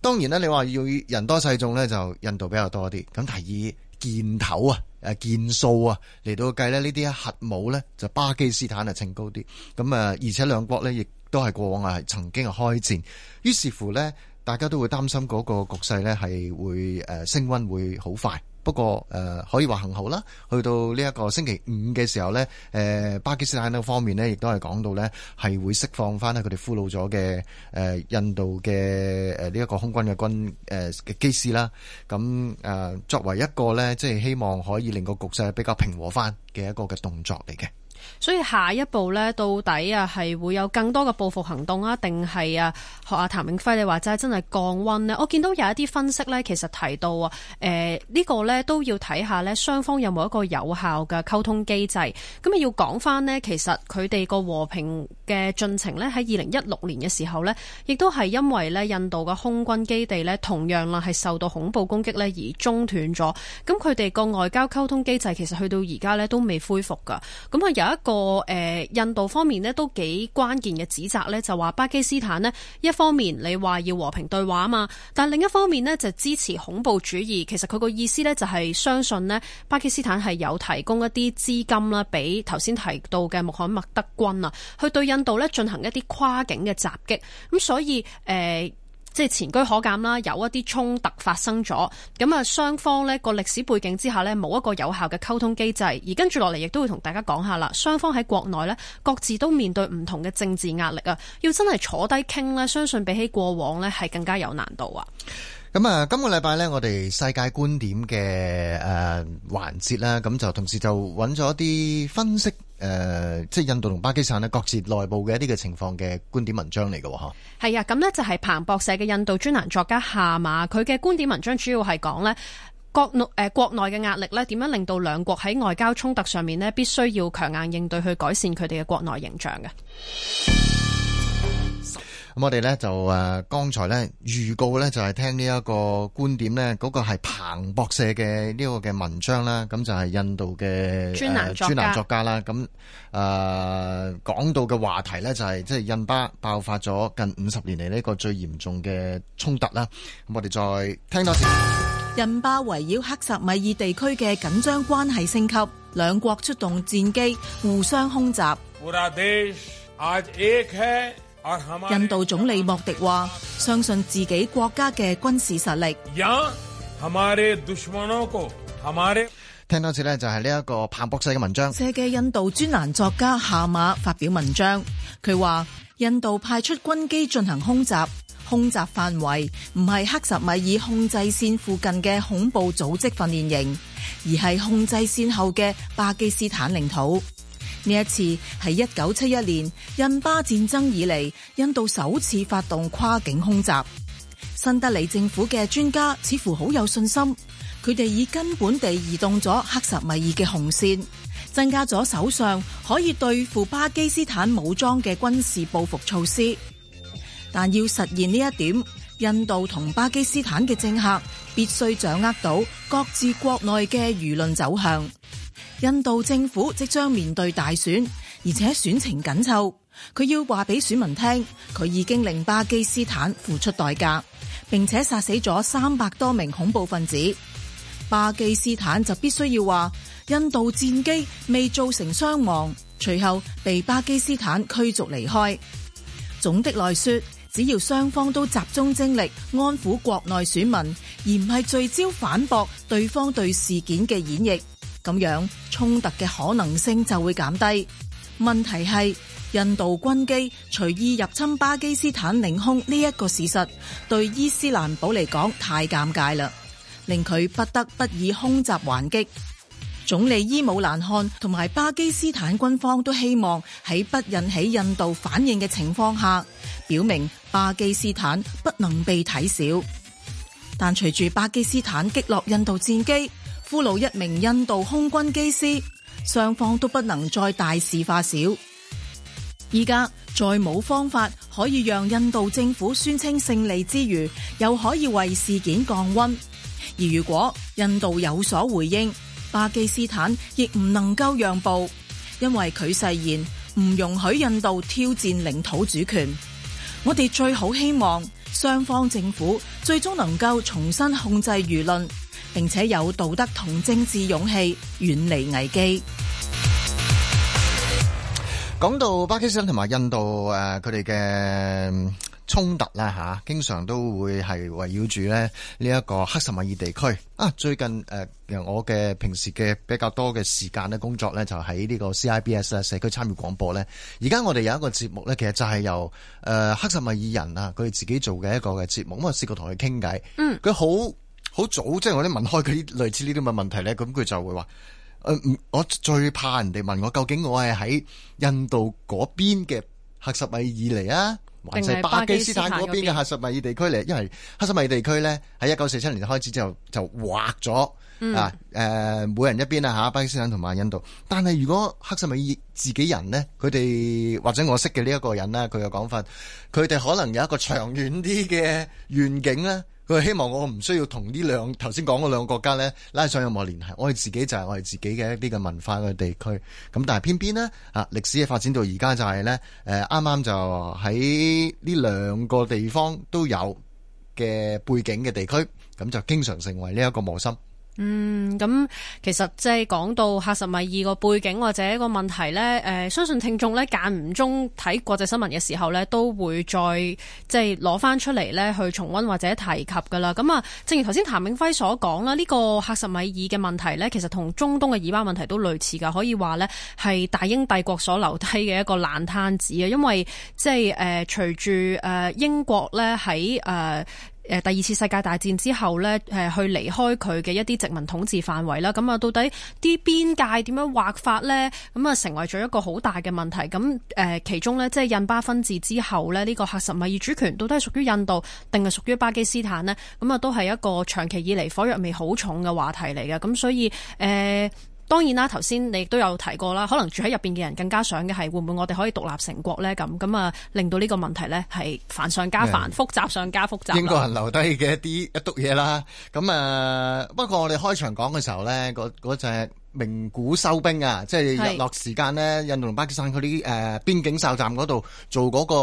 當然呢，你話要人多勢眾呢，就印度比較多啲。咁提議箭頭啊、箭數啊嚟到計呢呢啲核武呢，就巴基斯坦啊稱高啲。咁啊，而且兩國呢，亦都係過往啊曾經啊開戰。於是乎呢，大家都會擔心嗰個局勢呢，係會誒升溫，會好快。不過，誒、呃、可以話幸好啦。去到呢一個星期五嘅時候咧，誒、呃、巴基斯坦嗰方面呢亦都係講到咧係會釋放翻咧佢哋俘虜咗嘅誒印度嘅呢一個空軍嘅軍嘅、呃、機師啦。咁、呃、作為一個咧，即、就、係、是、希望可以令個局勢比較平和翻嘅一個嘅動作嚟嘅。
所以下一步呢到底啊，係會有更多嘅報復行動啊，定係啊，學阿譚永輝你話齋真係降溫呢？我見到有一啲分析呢，其實提到啊，誒、呃、呢、呢個呢都要睇下呢，雙方有冇一個有效嘅溝通機制。咁啊，要講返呢，其實佢哋個和平。嘅進程呢，喺二零一六年嘅時候呢，亦都係因為呢印度嘅空軍基地呢，同樣啦係受到恐怖攻擊呢而中斷咗。咁佢哋個外交溝通機制其實去到而家呢都未恢復噶。咁啊有一個誒、呃、印度方面呢，都幾關鍵嘅指責呢，就話巴基斯坦呢，一方面你話要和平對話啊嘛，但另一方面呢，就支持恐怖主義。其實佢個意思呢，就係相信呢巴基斯坦係有提供一啲資金啦，俾頭先提到嘅穆罕默德軍啊，去對印。度咧，進行一啲跨境嘅襲擊，咁所以誒，即、呃、係前車可鑑啦，有一啲衝突發生咗，咁啊，雙方呢個歷史背景之下呢，冇一個有效嘅溝通機制，而跟住落嚟亦都會同大家講下啦。雙方喺國內呢，各自都面對唔同嘅政治壓力啊，要真係坐低傾呢，相信比起過往呢，係更加有難度啊。
咁啊，今個禮拜呢，我哋世界觀點嘅誒環節啦，咁、呃、就同時就揾咗啲分析誒、呃，即係印度同巴基斯坦各自內部嘅一啲嘅情況嘅觀點文章嚟㗎吓。
係啊，咁呢就係彭博社嘅印度專欄作家夏馬，佢嘅觀點文章主要係講呢國內誒、呃、國內嘅壓力呢點樣令到兩國喺外交衝突上面呢必須要強硬應對去改善佢哋嘅國內形象嘅。
我哋咧就誒剛才咧預告咧就係聽呢一個觀點咧，嗰、那個係彭博社嘅呢個嘅文章啦，咁就係印度嘅專欄作家啦，咁誒講到嘅話題咧就係即係印巴爆發咗近五十年嚟呢個最嚴重嘅衝突啦，咁我哋再聽多陣。
印巴圍繞克什米爾地區嘅緊張關係升級，兩國出動戰機互相空襲。印度總理莫迪話：相信自己國家嘅軍事實力。
聽多次呢，就係呢一個彭博社嘅文章。社
嘅印度專欄作家夏馬發表文章，佢話：印度派出軍機進行空襲，空襲範圍唔係克什米爾控制線附近嘅恐怖組織訓練營，而係控制線後嘅巴基斯坦領土。呢一次係一九七一年印巴戰爭以嚟，印度首次發動跨境空襲。新德里政府嘅專家似乎好有信心，佢哋以根本地移動咗克什米爾嘅紅線，增加咗手上可以對付巴基斯坦武裝嘅軍事報復措施。但要實現呢一點，印度同巴基斯坦嘅政客必須掌握到各自國內嘅輿論走向。印度政府即將面對大選，而且選情緊湊。佢要話俾選民聽，佢已經令巴基斯坦付出代價，並且殺死咗三百多名恐怖分子。巴基斯坦就必須要話，印度戰機未造成傷亡，隨後被巴基斯坦驅逐離開。總的來說，只要雙方都集中精力安撫國內選民，而唔係聚焦反駁對方對事件嘅演繹。咁樣衝突嘅可能性就會減低。問題係印度軍機隨意入侵巴基斯坦領空呢一個事實，對伊斯蘭堡嚟講太尷尬了，令佢不得不以空襲還擊。總理伊姆蘭汗同埋巴基斯坦軍方都希望喺不引起印度反應嘅情況下，表明巴基斯坦不能被睇小。但隨住巴基斯坦擊落印度戰機，俘虜一名印度空軍機師，雙方都不能再大事化小。依家再冇方法可以讓印度政府宣稱勝利之餘，又可以為事件降温。而如果印度有所回應，巴基斯坦亦唔能夠讓步，因為佢誓言唔容許印度挑戰領土主權。我哋最好希望雙方政府最終能夠重新控制輿論。並且有道德同政治勇氣，遠離危機。
講到巴基斯坦同埋印度誒，佢哋嘅衝突啦嚇、啊，經常都會係圍繞住咧呢一、這個克什米爾地區啊。最近誒，呃、我嘅平時嘅比較多嘅時間咧，工作咧就喺呢個 CIBS 咧社區參與廣播咧。而家我哋有一個節目咧，其實就係由誒、呃、克什米爾人啊，佢哋自己做嘅一個嘅節目。我試過同佢傾偈，嗯，佢好。好早即係我哋問開佢類似呢啲咁嘅問題咧，咁佢就會話，誒、呃，我最怕人哋問我究竟我係喺印度嗰邊嘅克什米爾嚟啊，還是巴基斯坦嗰邊嘅克什米爾地區嚟？因為克什米爾地區咧喺一九四七年開始之後就劃咗啊，誒，每人一邊啦吓，巴基斯坦同埋印度。但係如果克什米爾自己人咧，佢哋或者我識嘅呢一個人啦，佢嘅講法，佢哋可能有一個長遠啲嘅願景咧。佢希望我唔需要同呢兩頭先講嗰兩個國家咧拉上任何聯繫，我哋自己就係我哋自己嘅一啲嘅文化嘅地區。咁但係偏偏呢，啊，歷史嘅發展到而家就係、是、呢，啱、呃、啱就喺呢兩個地方都有嘅背景嘅地區，咁就經常成為呢一個磨心。
嗯，咁其實即係講到喀什米爾個背景或者個問題呢，誒、呃，相信聽眾呢間唔中睇國際新聞嘅時候呢，都會再即係攞翻出嚟呢去重溫或者提及噶啦。咁、嗯、啊，正如頭先譚永輝所講啦，呢、這個喀什米爾嘅問題呢，其實同中東嘅以巴問題都類似噶，可以話呢係大英帝國所留低嘅一個爛攤子啊，因為即係誒，隨住誒英國呢喺誒。呃誒第二次世界大戰之後呢誒去離開佢嘅一啲殖民統治範圍啦，咁啊到底啲邊界點樣劃法呢？咁啊成為咗一個好大嘅問題。咁誒其中呢，即係印巴分治之後咧，呢個喀什米爾主權到底係屬於印度定係屬於巴基斯坦呢？咁啊都係一個長期以嚟火藥味好重嘅話題嚟嘅。咁所以誒。呃當然啦，頭先你亦都有提過啦，可能住喺入面嘅人更加想嘅係會唔會我哋可以獨立成國咧，咁，咁啊，令到呢個問題咧係繁上加繁，複雜上加複雜。英國人留
低嘅一啲一篤嘢啦，咁啊不過我哋開場講嘅時候咧，嗰嗰隻名古收兵啊，即係日落時間咧，印度同巴基斯坦嗰啲誒邊境哨站嗰度做嗰個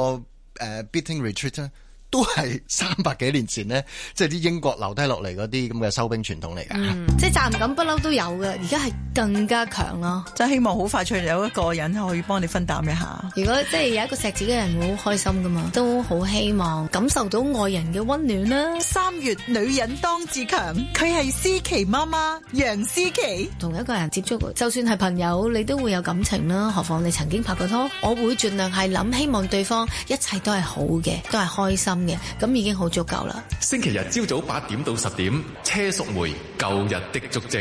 誒 Beating Retreat 啊。都係三百幾年前呢，即係啲英國留低落嚟嗰啲咁嘅收兵傳統嚟㗎。嗯，
即係
責任感不嬲都有嘅，而家係更加強咯。即係希望好快脆有一個人可以幫你分擔一下。如果即係有一個錫自己嘅人，會好開心㗎嘛。都好希望感受到愛人嘅溫暖啦。三月女人當自強，佢係思琪媽媽楊思琪。同一個人接觸，就算係朋友，你都會有感情啦。何況你曾經拍過拖，我會盡量係諗，希望對方一切都係好嘅，都係開心。咁已經好足夠啦。
星期日朝早八點到十點，車淑梅《舊日的足迹》。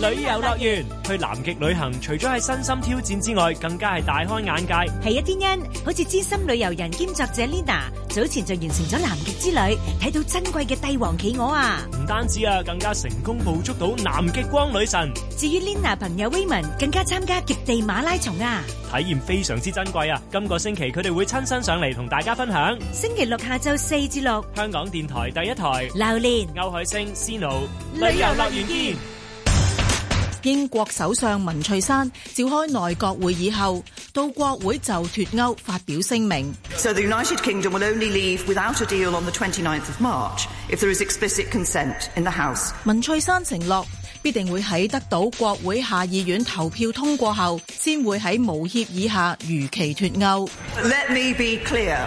旅遊樂園去南極旅行，除咗係身心挑戰之外，
更加係大開眼界。係啊，天恩，好似資深旅遊人兼作者 Lina 早前就完成咗南極之旅，睇到珍貴嘅帝王企鵝啊！唔單止啊，更加成功捕捉到南極光女神。至於 Lina 朋友 Weiman，更加參加極地馬拉松啊，體驗非常之珍貴啊！今個星期佢哋會親身上嚟，同大家分享。星期六下晝四至六，香港電台第一台，流年歐海星 Snow 旅遊樂園見。
英國首相文翠珊召開內閣會議後，到國會就脫歐發表聲明。So the United Kingdom will only leave without a deal on the 29th of March, if there is explicit consent in the house. 文翠珊承諾必定會喺得到國會下議院投票通過後，先會喺無協議下如期脫歐。Let me be clear.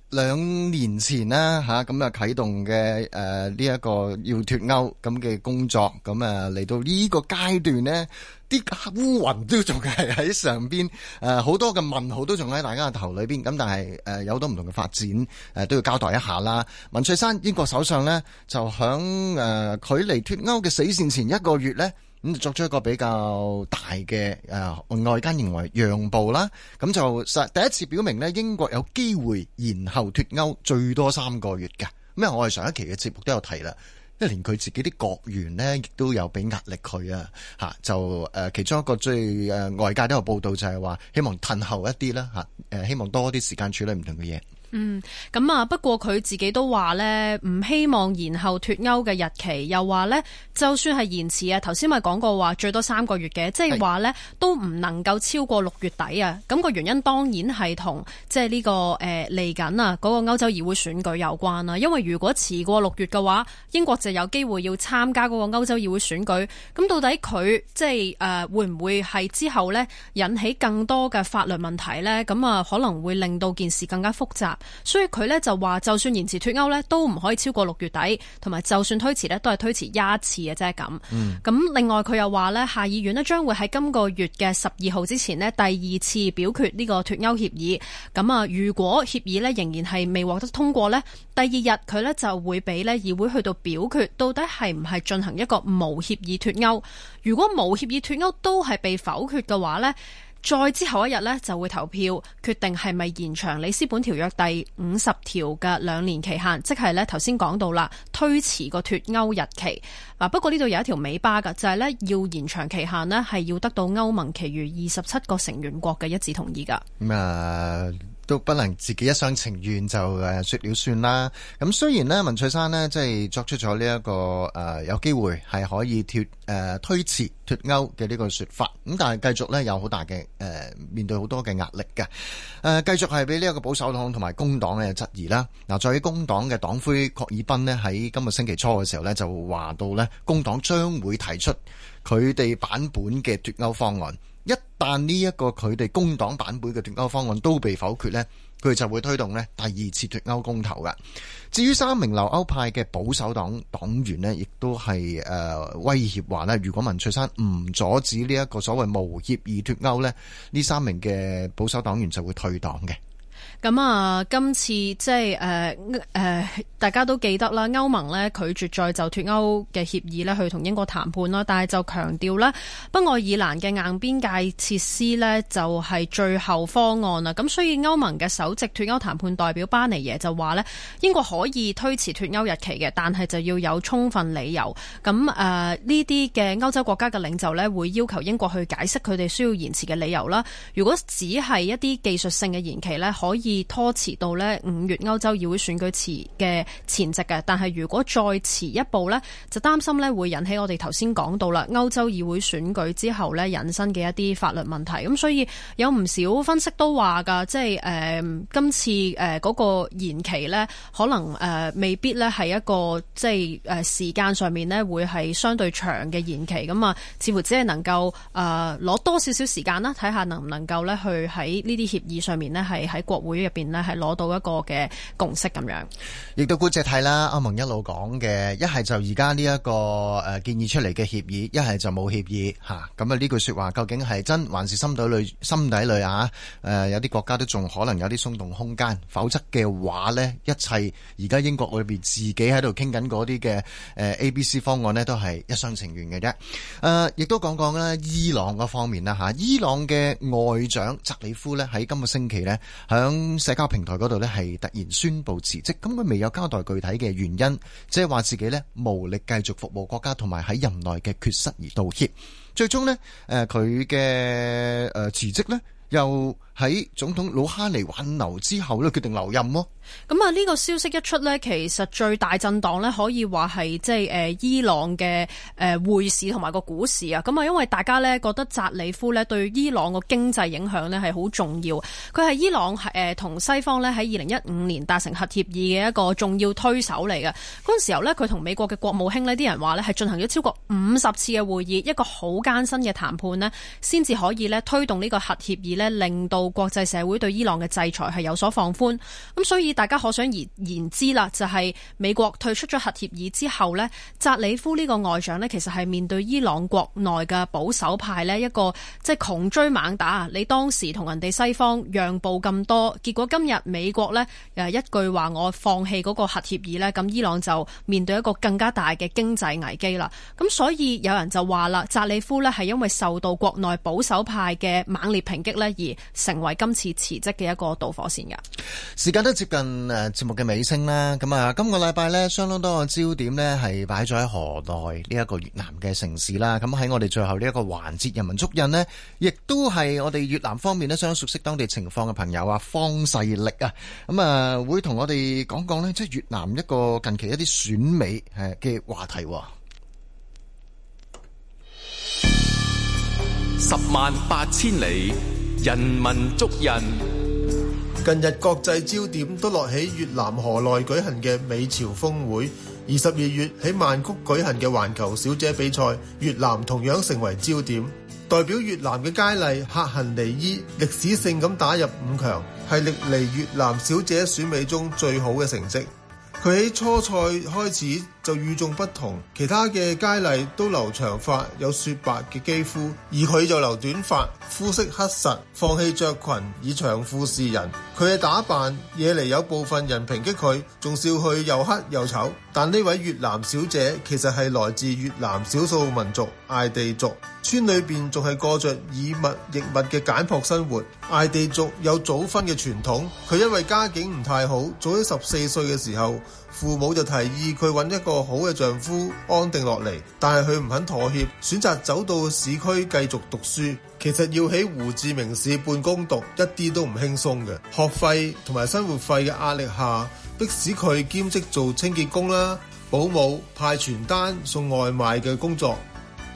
兩年前啦，嚇咁啊，啟動嘅誒呢一個要脱歐咁嘅工作，咁啊嚟到呢個階段呢，啲烏雲都仲係喺上邊，誒好多嘅問號都仲喺大家嘅頭裏邊。咁但係誒有好多唔同嘅發展，誒都要交代一下啦。文翠山，英國首相呢，就響誒距離脱歐嘅死線前一個月呢，咁作出一個比較大嘅誒，外間認為讓步啦，咁就實第一次表明呢，英國有機會延後脫歐最多三個月嘅。咁因為我哋上一期嘅節目都有提啦，即係連佢自己啲國員呢亦都有俾壓力佢啊，吓就誒，其中一個最誒，外界都有報道就係話，希望褪後一啲啦，吓誒，希望多啲時間處理唔同嘅嘢。
嗯，咁啊，不過佢自己都話呢，唔希望延後脫歐嘅日期，又話呢，就算係延遲啊，頭先咪講過話最多三個月嘅，即係話呢都唔能夠超過六月底啊。咁個原因當然係同即係呢個誒嚟緊啊嗰個歐洲議會選舉有關啦。因為如果遲過六月嘅話，英國就有機會要參加嗰個歐洲議會選舉。咁到底佢即係誒會唔會係之後呢引起更多嘅法律問題呢？咁啊，可能會令到件事更加複雜。所以佢咧就話，就算延遲脫歐呢都唔可以超過六月底，同埋就算推遲呢都係推遲一次嘅啫咁。咁、嗯、另外佢又話呢，下議院呢將會喺今個月嘅十二號之前呢第二次表決呢個脫歐協議。咁啊，如果協議呢仍然係未獲得通過呢，第二日佢呢就會俾呢議會去到表決，到底係唔係進行一個無協議脫歐？如果無協議脫歐都係被否決嘅話呢。再之後一日呢，就會投票決定係咪延長里斯本條約第五十條嘅兩年期限，即係呢頭先講到啦，推遲個脫歐日期。嗱，不過呢度有一條尾巴噶，就係、是、呢要延長期限，呢係要得到歐盟其餘二十七個成員國嘅一致同意噶。
Uh... 都不能自己一廂情願就誒說了算啦。咁雖然咧，文翠珊咧即係作出咗呢一個誒、呃、有機會係可以脱誒、呃、推遲脱歐嘅呢個說法，咁但係繼續咧有好大嘅誒、呃、面對好多嘅壓力嘅誒繼續係俾呢一個保守黨同埋工黨嘅質疑啦。嗱、呃，在於工黨嘅黨魁霍爾斌咧喺今個星期初嘅時候咧就話到咧，工黨將會提出佢哋版本嘅脱歐方案。一旦呢一個佢哋工黨版本嘅脱歐方案都被否決呢，佢就會推動呢第二次脱歐公投嘅。至於三名留歐派嘅保守黨黨員呢，亦都係誒威脅話呢，如果文翠珊唔阻止呢一個所謂無協議脱歐呢，呢三名嘅保守黨員就會退黨嘅。
咁、嗯、啊，今次即係誒誒，大家都記得啦，歐盟咧拒絕再就脫歐嘅協議咧去同英國談判啦，但係就強調咧北愛爾蘭嘅硬邊界設施咧就係最後方案啦。咁所以歐盟嘅首席脫歐談判代表巴尼耶就話咧，英國可以推遲脫歐日期嘅，但係就要有充分理由。咁誒呢啲嘅歐洲國家嘅領袖咧會要求英國去解釋佢哋需要延遲嘅理由啦。如果只係一啲技術性嘅延期咧，可以。而拖遲到咧五月歐洲議會選舉遲嘅前夕嘅。但係如果再遲一步呢，就擔心咧會引起我哋頭先講到啦，歐洲議會選舉之後呢，引申嘅一啲法律問題。咁所以有唔少分析都話噶，即係誒、呃、今次誒嗰個延期呢，可能誒、呃、未必咧係一個即係誒、呃、時間上面呢會係相對長嘅延期咁啊，似乎只係能夠誒攞、呃、多少少時間啦，睇下能唔能夠呢去喺呢啲協議上面呢係喺國會。入邊咧，係攞到一個嘅共識咁樣，
亦都姑且睇啦。歐盟一路講嘅，一係就而家呢一個誒建議出嚟嘅協議，一係就冇協議吓。咁啊呢句說話究竟係真還是心底裏心底裏啊，誒、啊，有啲國家都仲可能有啲鬆動空間，否則嘅話呢，一切而家英國裏邊自己喺度傾緊嗰啲嘅誒 A、B、C 方案呢，都係一廂情願嘅啫。誒，亦都講講咧伊朗嗰方面啦吓、啊，伊朗嘅外長澤里夫呢，喺今個星期呢。響。社交平台嗰度咧，係突然宣布辭職，咁佢未有交代具體嘅原因，即係話自己咧無力繼續服務國家，同埋喺任內嘅缺失而道歉。最終咧，誒佢嘅誒辭職咧又，喺總統魯哈尼挽留之後決定留任咯。
咁啊，呢個消息一出呢其實最大震盪呢可以話係即係伊朗嘅匯市同埋個股市啊。咁啊，因為大家呢覺得扎里夫呢對伊朗個經濟影響呢係好重要。佢係伊朗同西方呢喺二零一五年達成核協議嘅一個重要推手嚟嘅。嗰陣時候呢，佢同美國嘅國務卿呢啲人話呢係進行咗超過五十次嘅會議，一個好艱辛嘅談判呢先至可以呢推動呢個核協議呢令到。國際社會對伊朗嘅制裁係有所放寬，咁所以大家可想而知啦，就係、是、美國退出咗核協議之後呢，扎里夫呢個外長呢，其實係面對伊朗國內嘅保守派呢一個即係窮追猛打。你當時同人哋西方讓步咁多，結果今日美國呢誒一句話，我放棄嗰個核協議呢，咁伊朗就面對一個更加大嘅經濟危機啦。咁所以有人就話啦，扎里夫呢係因為受到國內保守派嘅猛烈抨擊呢而成為今次辭職嘅一個導火線噶，
時間都接近誒節目嘅尾聲啦。咁啊，今個禮拜呢，相當多個焦點呢係擺咗喺河內呢一個越南嘅城市啦。咁喺我哋最後呢一個環節，人民足印呢，亦都係我哋越南方面呢，相當熟悉當地情況嘅朋友啊，方世力啊，咁啊會同我哋講講呢，即係越南一個近期一啲選美誒嘅話題。十萬八千里。人民捉人。
近日國際焦點都落喺越南河內舉行嘅美朝峰會，而十二月喺曼谷舉行嘅環球小姐比賽，越南同樣成為焦點。代表越南嘅佳麗克行尼伊歷史性咁打入五強，係歷嚟越南小姐選美中最好嘅成績。佢喺初賽開始就與眾不同，其他嘅佳麗都留長發有雪白嘅肌膚，而佢就留短發膚色黑實放棄著裙，以長褲示人。佢嘅打扮惹嚟有部分人抨擊佢，仲笑佢又黑又醜，但呢位越南小姐其實係來自越南少數民族埃地族，村裏邊仲係過着以物易物嘅簡朴生活。埃地族有早婚嘅傳統，佢因為家境唔太好，早喺十四歲嘅時候。父母就提議佢揾一個好嘅丈夫安定落嚟，但係佢唔肯妥協，選擇走到市區繼續讀書。其實要喺胡志明市半工讀，一啲都唔輕鬆嘅。學費同埋生活費嘅壓力下，迫使佢兼職做清潔工啦、保姆、派傳單、送外賣嘅工作。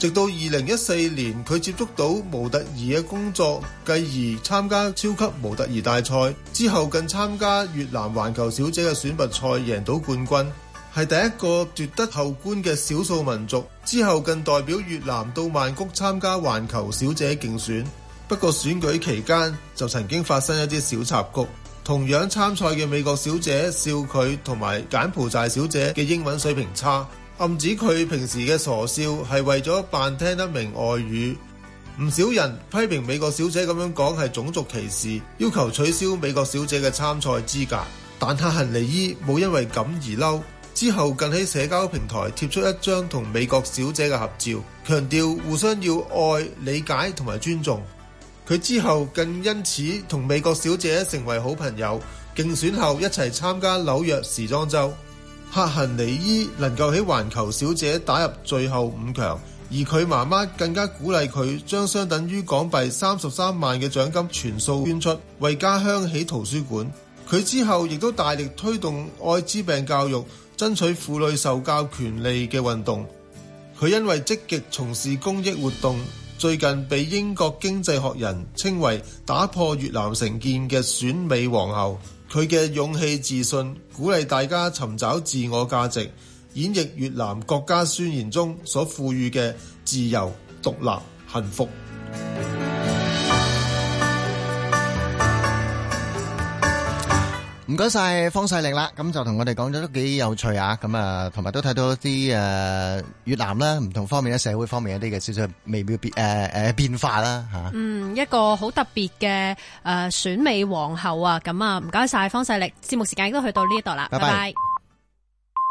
直到二零一四年，佢接觸到模特兒嘅工作，繼而參加超級模特兒大賽。之後更參加越南環球小姐嘅選拔賽，贏到冠軍，係第一個奪得后冠嘅少數民族。之後更代表越南到曼谷參加環球小姐競選，不過選舉期間就曾經發生一啲小插曲。同樣參賽嘅美國小姐笑佢同埋柬埔寨小姐嘅英文水平差。暗指佢平時嘅傻笑係為咗扮聽得明外語。唔少人批評美國小姐咁樣講，係種族歧視，要求取消美國小姐嘅參賽資格。但黑行尼伊冇因為咁而嬲，之後更喺社交平台貼出一張同美國小姐嘅合照，強調互相要愛、理解同埋尊重。佢之後更因此同美國小姐成為好朋友，競選後一齊參加紐約時裝周。克行尼伊能夠喺環球小姐打入最後五強，而佢媽媽更加鼓勵佢將相等於港幣三十三萬嘅獎金全數捐出，為家鄉起圖書館。佢之後亦都大力推動艾滋病教育、爭取婦女受教權利嘅運動。佢因為積極從事公益活動，最近被英國經濟學人稱為打破越南成見嘅選美皇后。佢嘅勇氣自信，鼓勵大家尋找自我價值，演繹越南國家宣言中所賦予嘅自由、獨立、幸福。
唔該晒方世力啦，咁就同我哋講咗都幾有趣啊，咁啊，同埋都睇到一啲誒、呃、越南啦，唔同方面咧，社會方面一啲嘅少少微妙變誒誒、呃、變化啦吓、啊。
嗯，一個好特別嘅誒選美皇后啊，咁啊，唔該晒方世力，節目時間亦都去到呢度啦，拜拜。